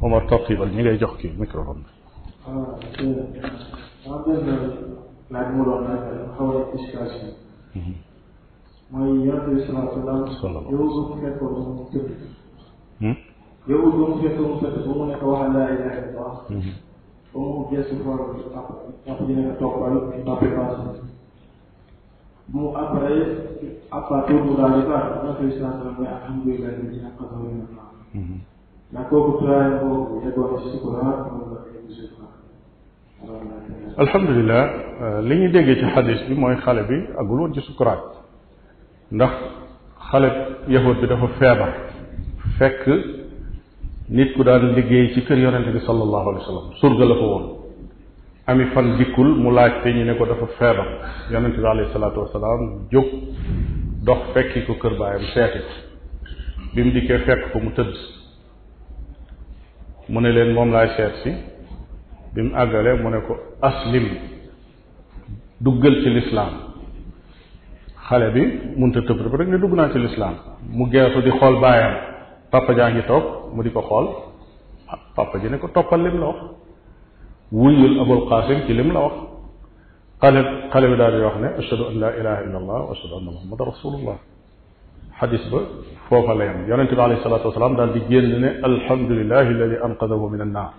Omar tartibal ñi ngay jox kii microphone bi ah, yow ba mu fekk mu fekk ba mu nekk waxal laa ilaha illallah mhm. ba mu gestu faro pap mu après après tour mu daal di baax na ci euh, li ñu déggee ci xadis mooy xale bi agul woon ci sukuraat ndax xale yahut bi dafa feebar fekk nit ku daan liggéey ci kër yonente bi sallallahu alayhi wa sallam surga la ko woon ami fan dikkul mu laaj te ñu ne ko dafa feebar yonente bi alayhi salaatu wasalaam jóg dox fekki ko kër baayam seeti ko bi mu dikkee fekk ko mu tëdd mu ne leen moom laay seet si bi mu àggale mu ne ko aslim duggal ci lislaam xale bi mun te tëb rek ne dugg naa ci lislaam mu geesu di xool baayam papa jaa ngi toog mu di ko xool ah papa ji ne ko toppal lim la wax wuyul abul qasim ci lim la wax xale xale bi daal di wax ne ashadu an la ilaha illa allah wa ashadu anna muhammadan rasulullah xadis ba foofa la yem yonente bi alayhi salatu wasalaam daal di génn ne alhamdulilahi alladi anqadahu min annaar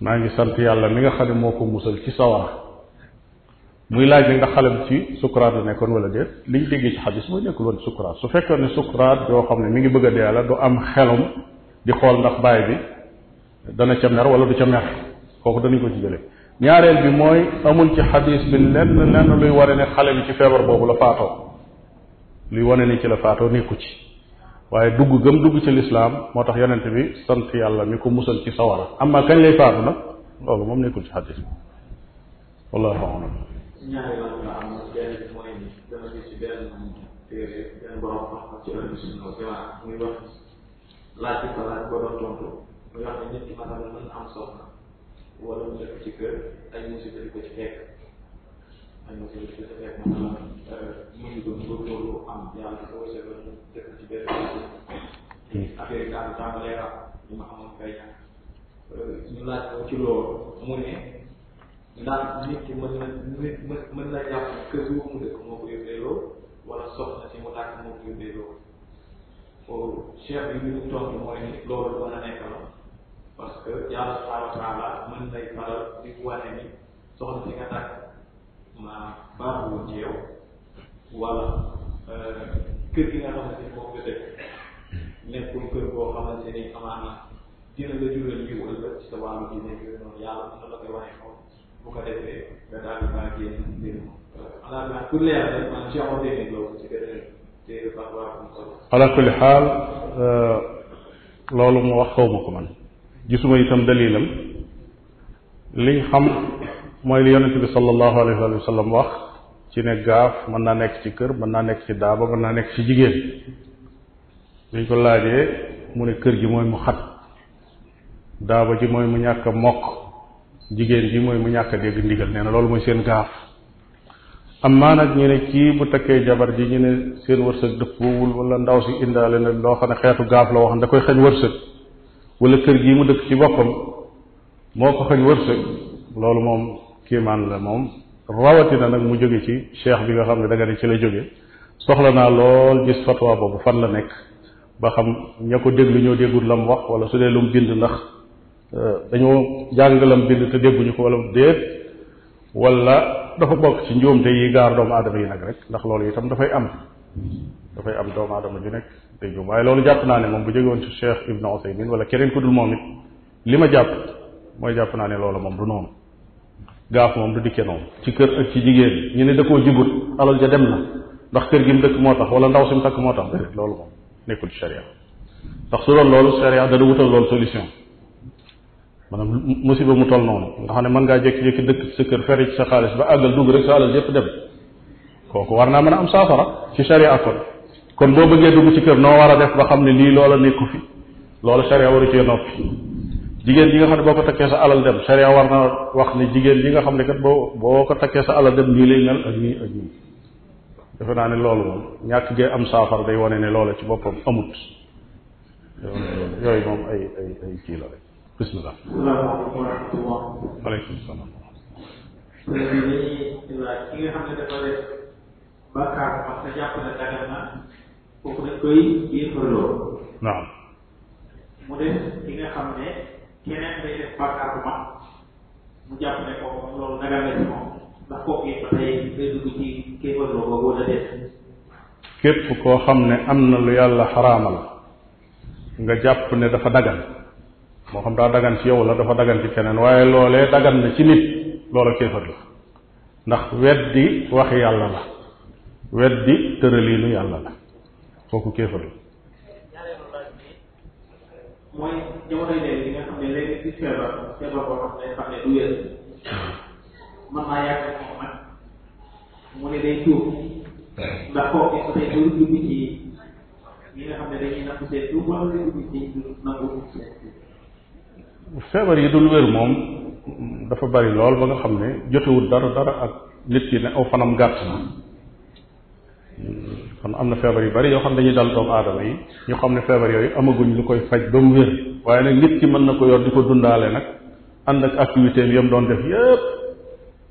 maa ngi sant yàlla mi nga xam ne moo ko musal ci sawara muy laaj ne ndax xale bi ci sukuraat la nekkoon wala déet li ñu déggee ci xadis mooy nekkul woon sukuraat su fekkoon ne sukuraat yoo xam ne mi ngi bëgg a dee la du am xelum di xool ndax baay bi dana ca mer wala du ca mer kooku danañ ko ci jëlee ñaareel bi mooy amul ci xadis bi lenn lenn luy wane ne xale bi ci feebar boobu la faatoo luy wane ni ci la faatoo nekku ci waaye dugg gëm dugg ci lislaam moo tax yenent bi sant yàlla mi ko musal ci sawara amma kañ lay faatu nag loolu moom nekkul ci xadis ñaari laaj nga am benn bi mooy dama gis ci benn téere benn borom xam-xam ci wàllu suñu waaw muy wax laaj bi ko laaj ko doon tontu muy wax ne nit ki maanaam mën na am soxna wala mu nekk ci kër ay musiba di ko ci fekk ay musiba di ko ci fekk maanaam mënuñu doon góorgóorlu am yàlla ko wërsëgal mu dëkk ci benn kër affaire yi daal tàmbalee am li ma amoon kay ñu laaj ko ci loolu mu ne ndax nit ki mën mën na jàpp kër gi mu dëkk moo ko yóbbeeloo wala soxna si mu tàkk moo ko yóbbeeloo foofu chef bi ñu tontu mooy ni loolu mën a nekk parce que yàlla subhanahu wa taala mën nay faral di wane ni soxna si nga tàkk ma baaxul woon ci wala euh, kër gi nga xamante ni moom nga dëkk nekkul kër boo xamante ni amaana dina la jural yiw ëllëg ci sa wàllu dina yooyu noonu yàlla mën na la koy wane xaw bu ko defee nga daal am xaal euh, loolu mu wax xaw ma ko man gisuma itam dalilam liñ xam mooy li yonente bi sallallahu alayhi wa sallam wax ci ne gaaf mën naa nekk ci kër mën naa nekk ci daaba mën naa nekk ci jigéen liñ ko laajee mu ne kër gi mooy mu xat daaba ji mooy mu ñàkk mokk jigéen ji mooy mu ñàkk a dégg ndigal nee na loolu mooy seen gaaf amma nag ñu ne kii bu takkee jabar ji ñu ne seen wërsëg dëppoowul wala ndaw si indaale na loo xam ne xeetu gaaf la wax da koy xañ wërsëg wala kër gii mu dëkk ci boppam moo ko xañ wërsëg loolu moom kiimaan la moom rawatina nag mu jóge ci cheikh bi nga xam ne danga ne ci la jóge soxla naa lool gis fatwa boobu fan la nekk ba xam ña ko déglu ñoo déggul lam wax wala su dee lu mu bind ndax Euh, dañoo jàngalam bind te dégguñu ko wala déet wala dafa bokk ci njuumte yi gaar doomu aadama yi nag rek ndax loolu itam dafay am dafay am doomu aadama ju nekk day juum waaye loolu jàpp naa ne moom bu jógewoon ci Cheikh Ibn Ousaymin wala keneen ku dul moom it li ma jàpp mooy jàpp naa ne loolu moom du noonu gaaf moom du dikke noonu ci kër ak ci jigéen ñu ne da koo jibut alal ja dem na ndax kër gi mu dëkk moo tax wala ndaw si mu takk moo tax déedéet loolu moom nekkul ci charia ndax su doon loolu charia dana wutal solution maanaam musiba mu toll noonu nga xam ne mën ngaa jekki jékki dëkk ci sa kër fere sa xaalis ba àggal dugg rek sa alal yépp dem kooku war naa mën a am saafara ci sharia kon kon boo bëggee dugg ci kër noo war a def ba xam ne lii loola nekku fi loola sharia waru cee noppi jigéen ji nga xam ne boo ko takkee sa alal dem war na wax ni jigéen ji nga xam ne kat boo boo ko takkee sa alal dem nii lay mel ak nii ak nii defe naa ne loolu moom ñàkk gee am saafara day wane ne loola ci boppam amut yooyu bismillah. salaamaaleykum wa rahmatulah. waaleykum salaam. léegi dañuy ki nga xam ne dafa def bàkkaar parce que jàpp na dagan na kooku dañ koy yéefarloo. naam. mu def ki nga xam ne keneen day def bàkkaar bu mag mu jàpp ne kooku loolu dagan na ci moom ndax kooku yi ba tey day dugg ci kéefarloo boobu wala déet. képp koo xam ne am na lu yàlla xaraamal nga jàpp ne dafa dagan. moo xam daa dagan ci yow la dafa dagan ci keneen waaye loolee dagan na ci nit loola kéefar la ndax weddi waxi yàlla la weddi tëraliinu yàlla la kooku kéefar la feebar yi dul wér moom dafa bari lool ba nga xam ne jotewut dara dara ak nit ki ne aw fanam gàtt na kon am na feebar yu bari yoo xam ne dañuy dal doomu aadama yi ñu xam ne feebar yooyu amaguñ lu koy faj ba mu wér waaye nag nit ki mën na ko yor di ko dundaale nag ànd ak activité yam doon def yépp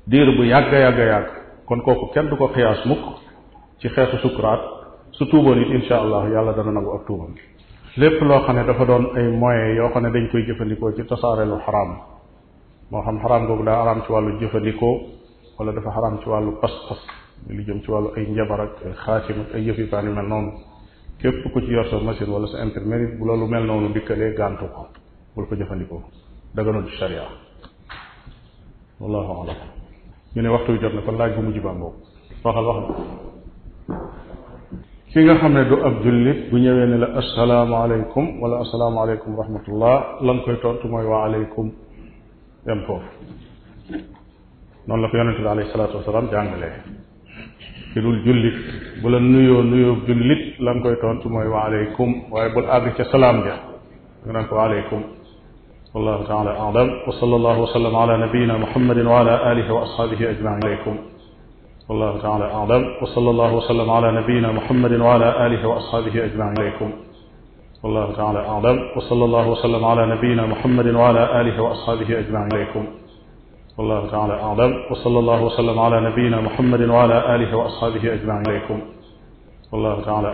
diir bu yàgga yàgga yàgg kon kooku kenn du ko xiyaas mukk ci xeetu sukuraat su tuuboon it insha allah yàlla dana nangu ak tuubam bi lépp loo xam ne dafa doon ay moye yoo xam ne dañ koy jëfandikoo ci tasaare lu xaraam moo xam xaraam googu daa xaraam ci wàllu jëfandikoo wala dafa xaraam ci wàllu pas-pas li jëm ci wàllu ay njabar ak ay xaatim ak ay yëfikaan yu mel noonu képp ku ci yor sa machine wala sa intermédiaire bu lu mel noonu dikkalee gàntu ko bul ko jëfandikoo daganul ci sharia wallahu alam ñu ne waxtu wi jot na kon laaj bu mujj baa boobu waxal wax ki nga xam ne du ab jullit bu ñëwee ne la wala asalaamaaleykum wa rahmatullah la nga koy tontu mooy wa aleykum dem foofu noonu la ko yonente bi alayhi salaatu wasalaam jàngalee ki jullit bu la nuyoo nuyoo jullit la nga koy tontu mooy wa aleykum waaye bul àgg ca salaam ja nga naan ko wa aleykum wallahu taala alam wa sallallahu ala nabiyina muhammadin wa ala alihi aleykum wallahu taala alam wa sallallahu wa sallam ala nabiyina muhammadin wa ala alihi wa ashabihi ajmain aleykum wallahu taala alam wa sallallahu wa sallam ala nabiyina muhammadin wa ala alihi wa ashabihi ajmain aleykum wallahu taala alam wa sallallahu wa sallam ala nabiyina muhammadin wa ala alihi wa ashabihi ajmain aleykum wallahu taala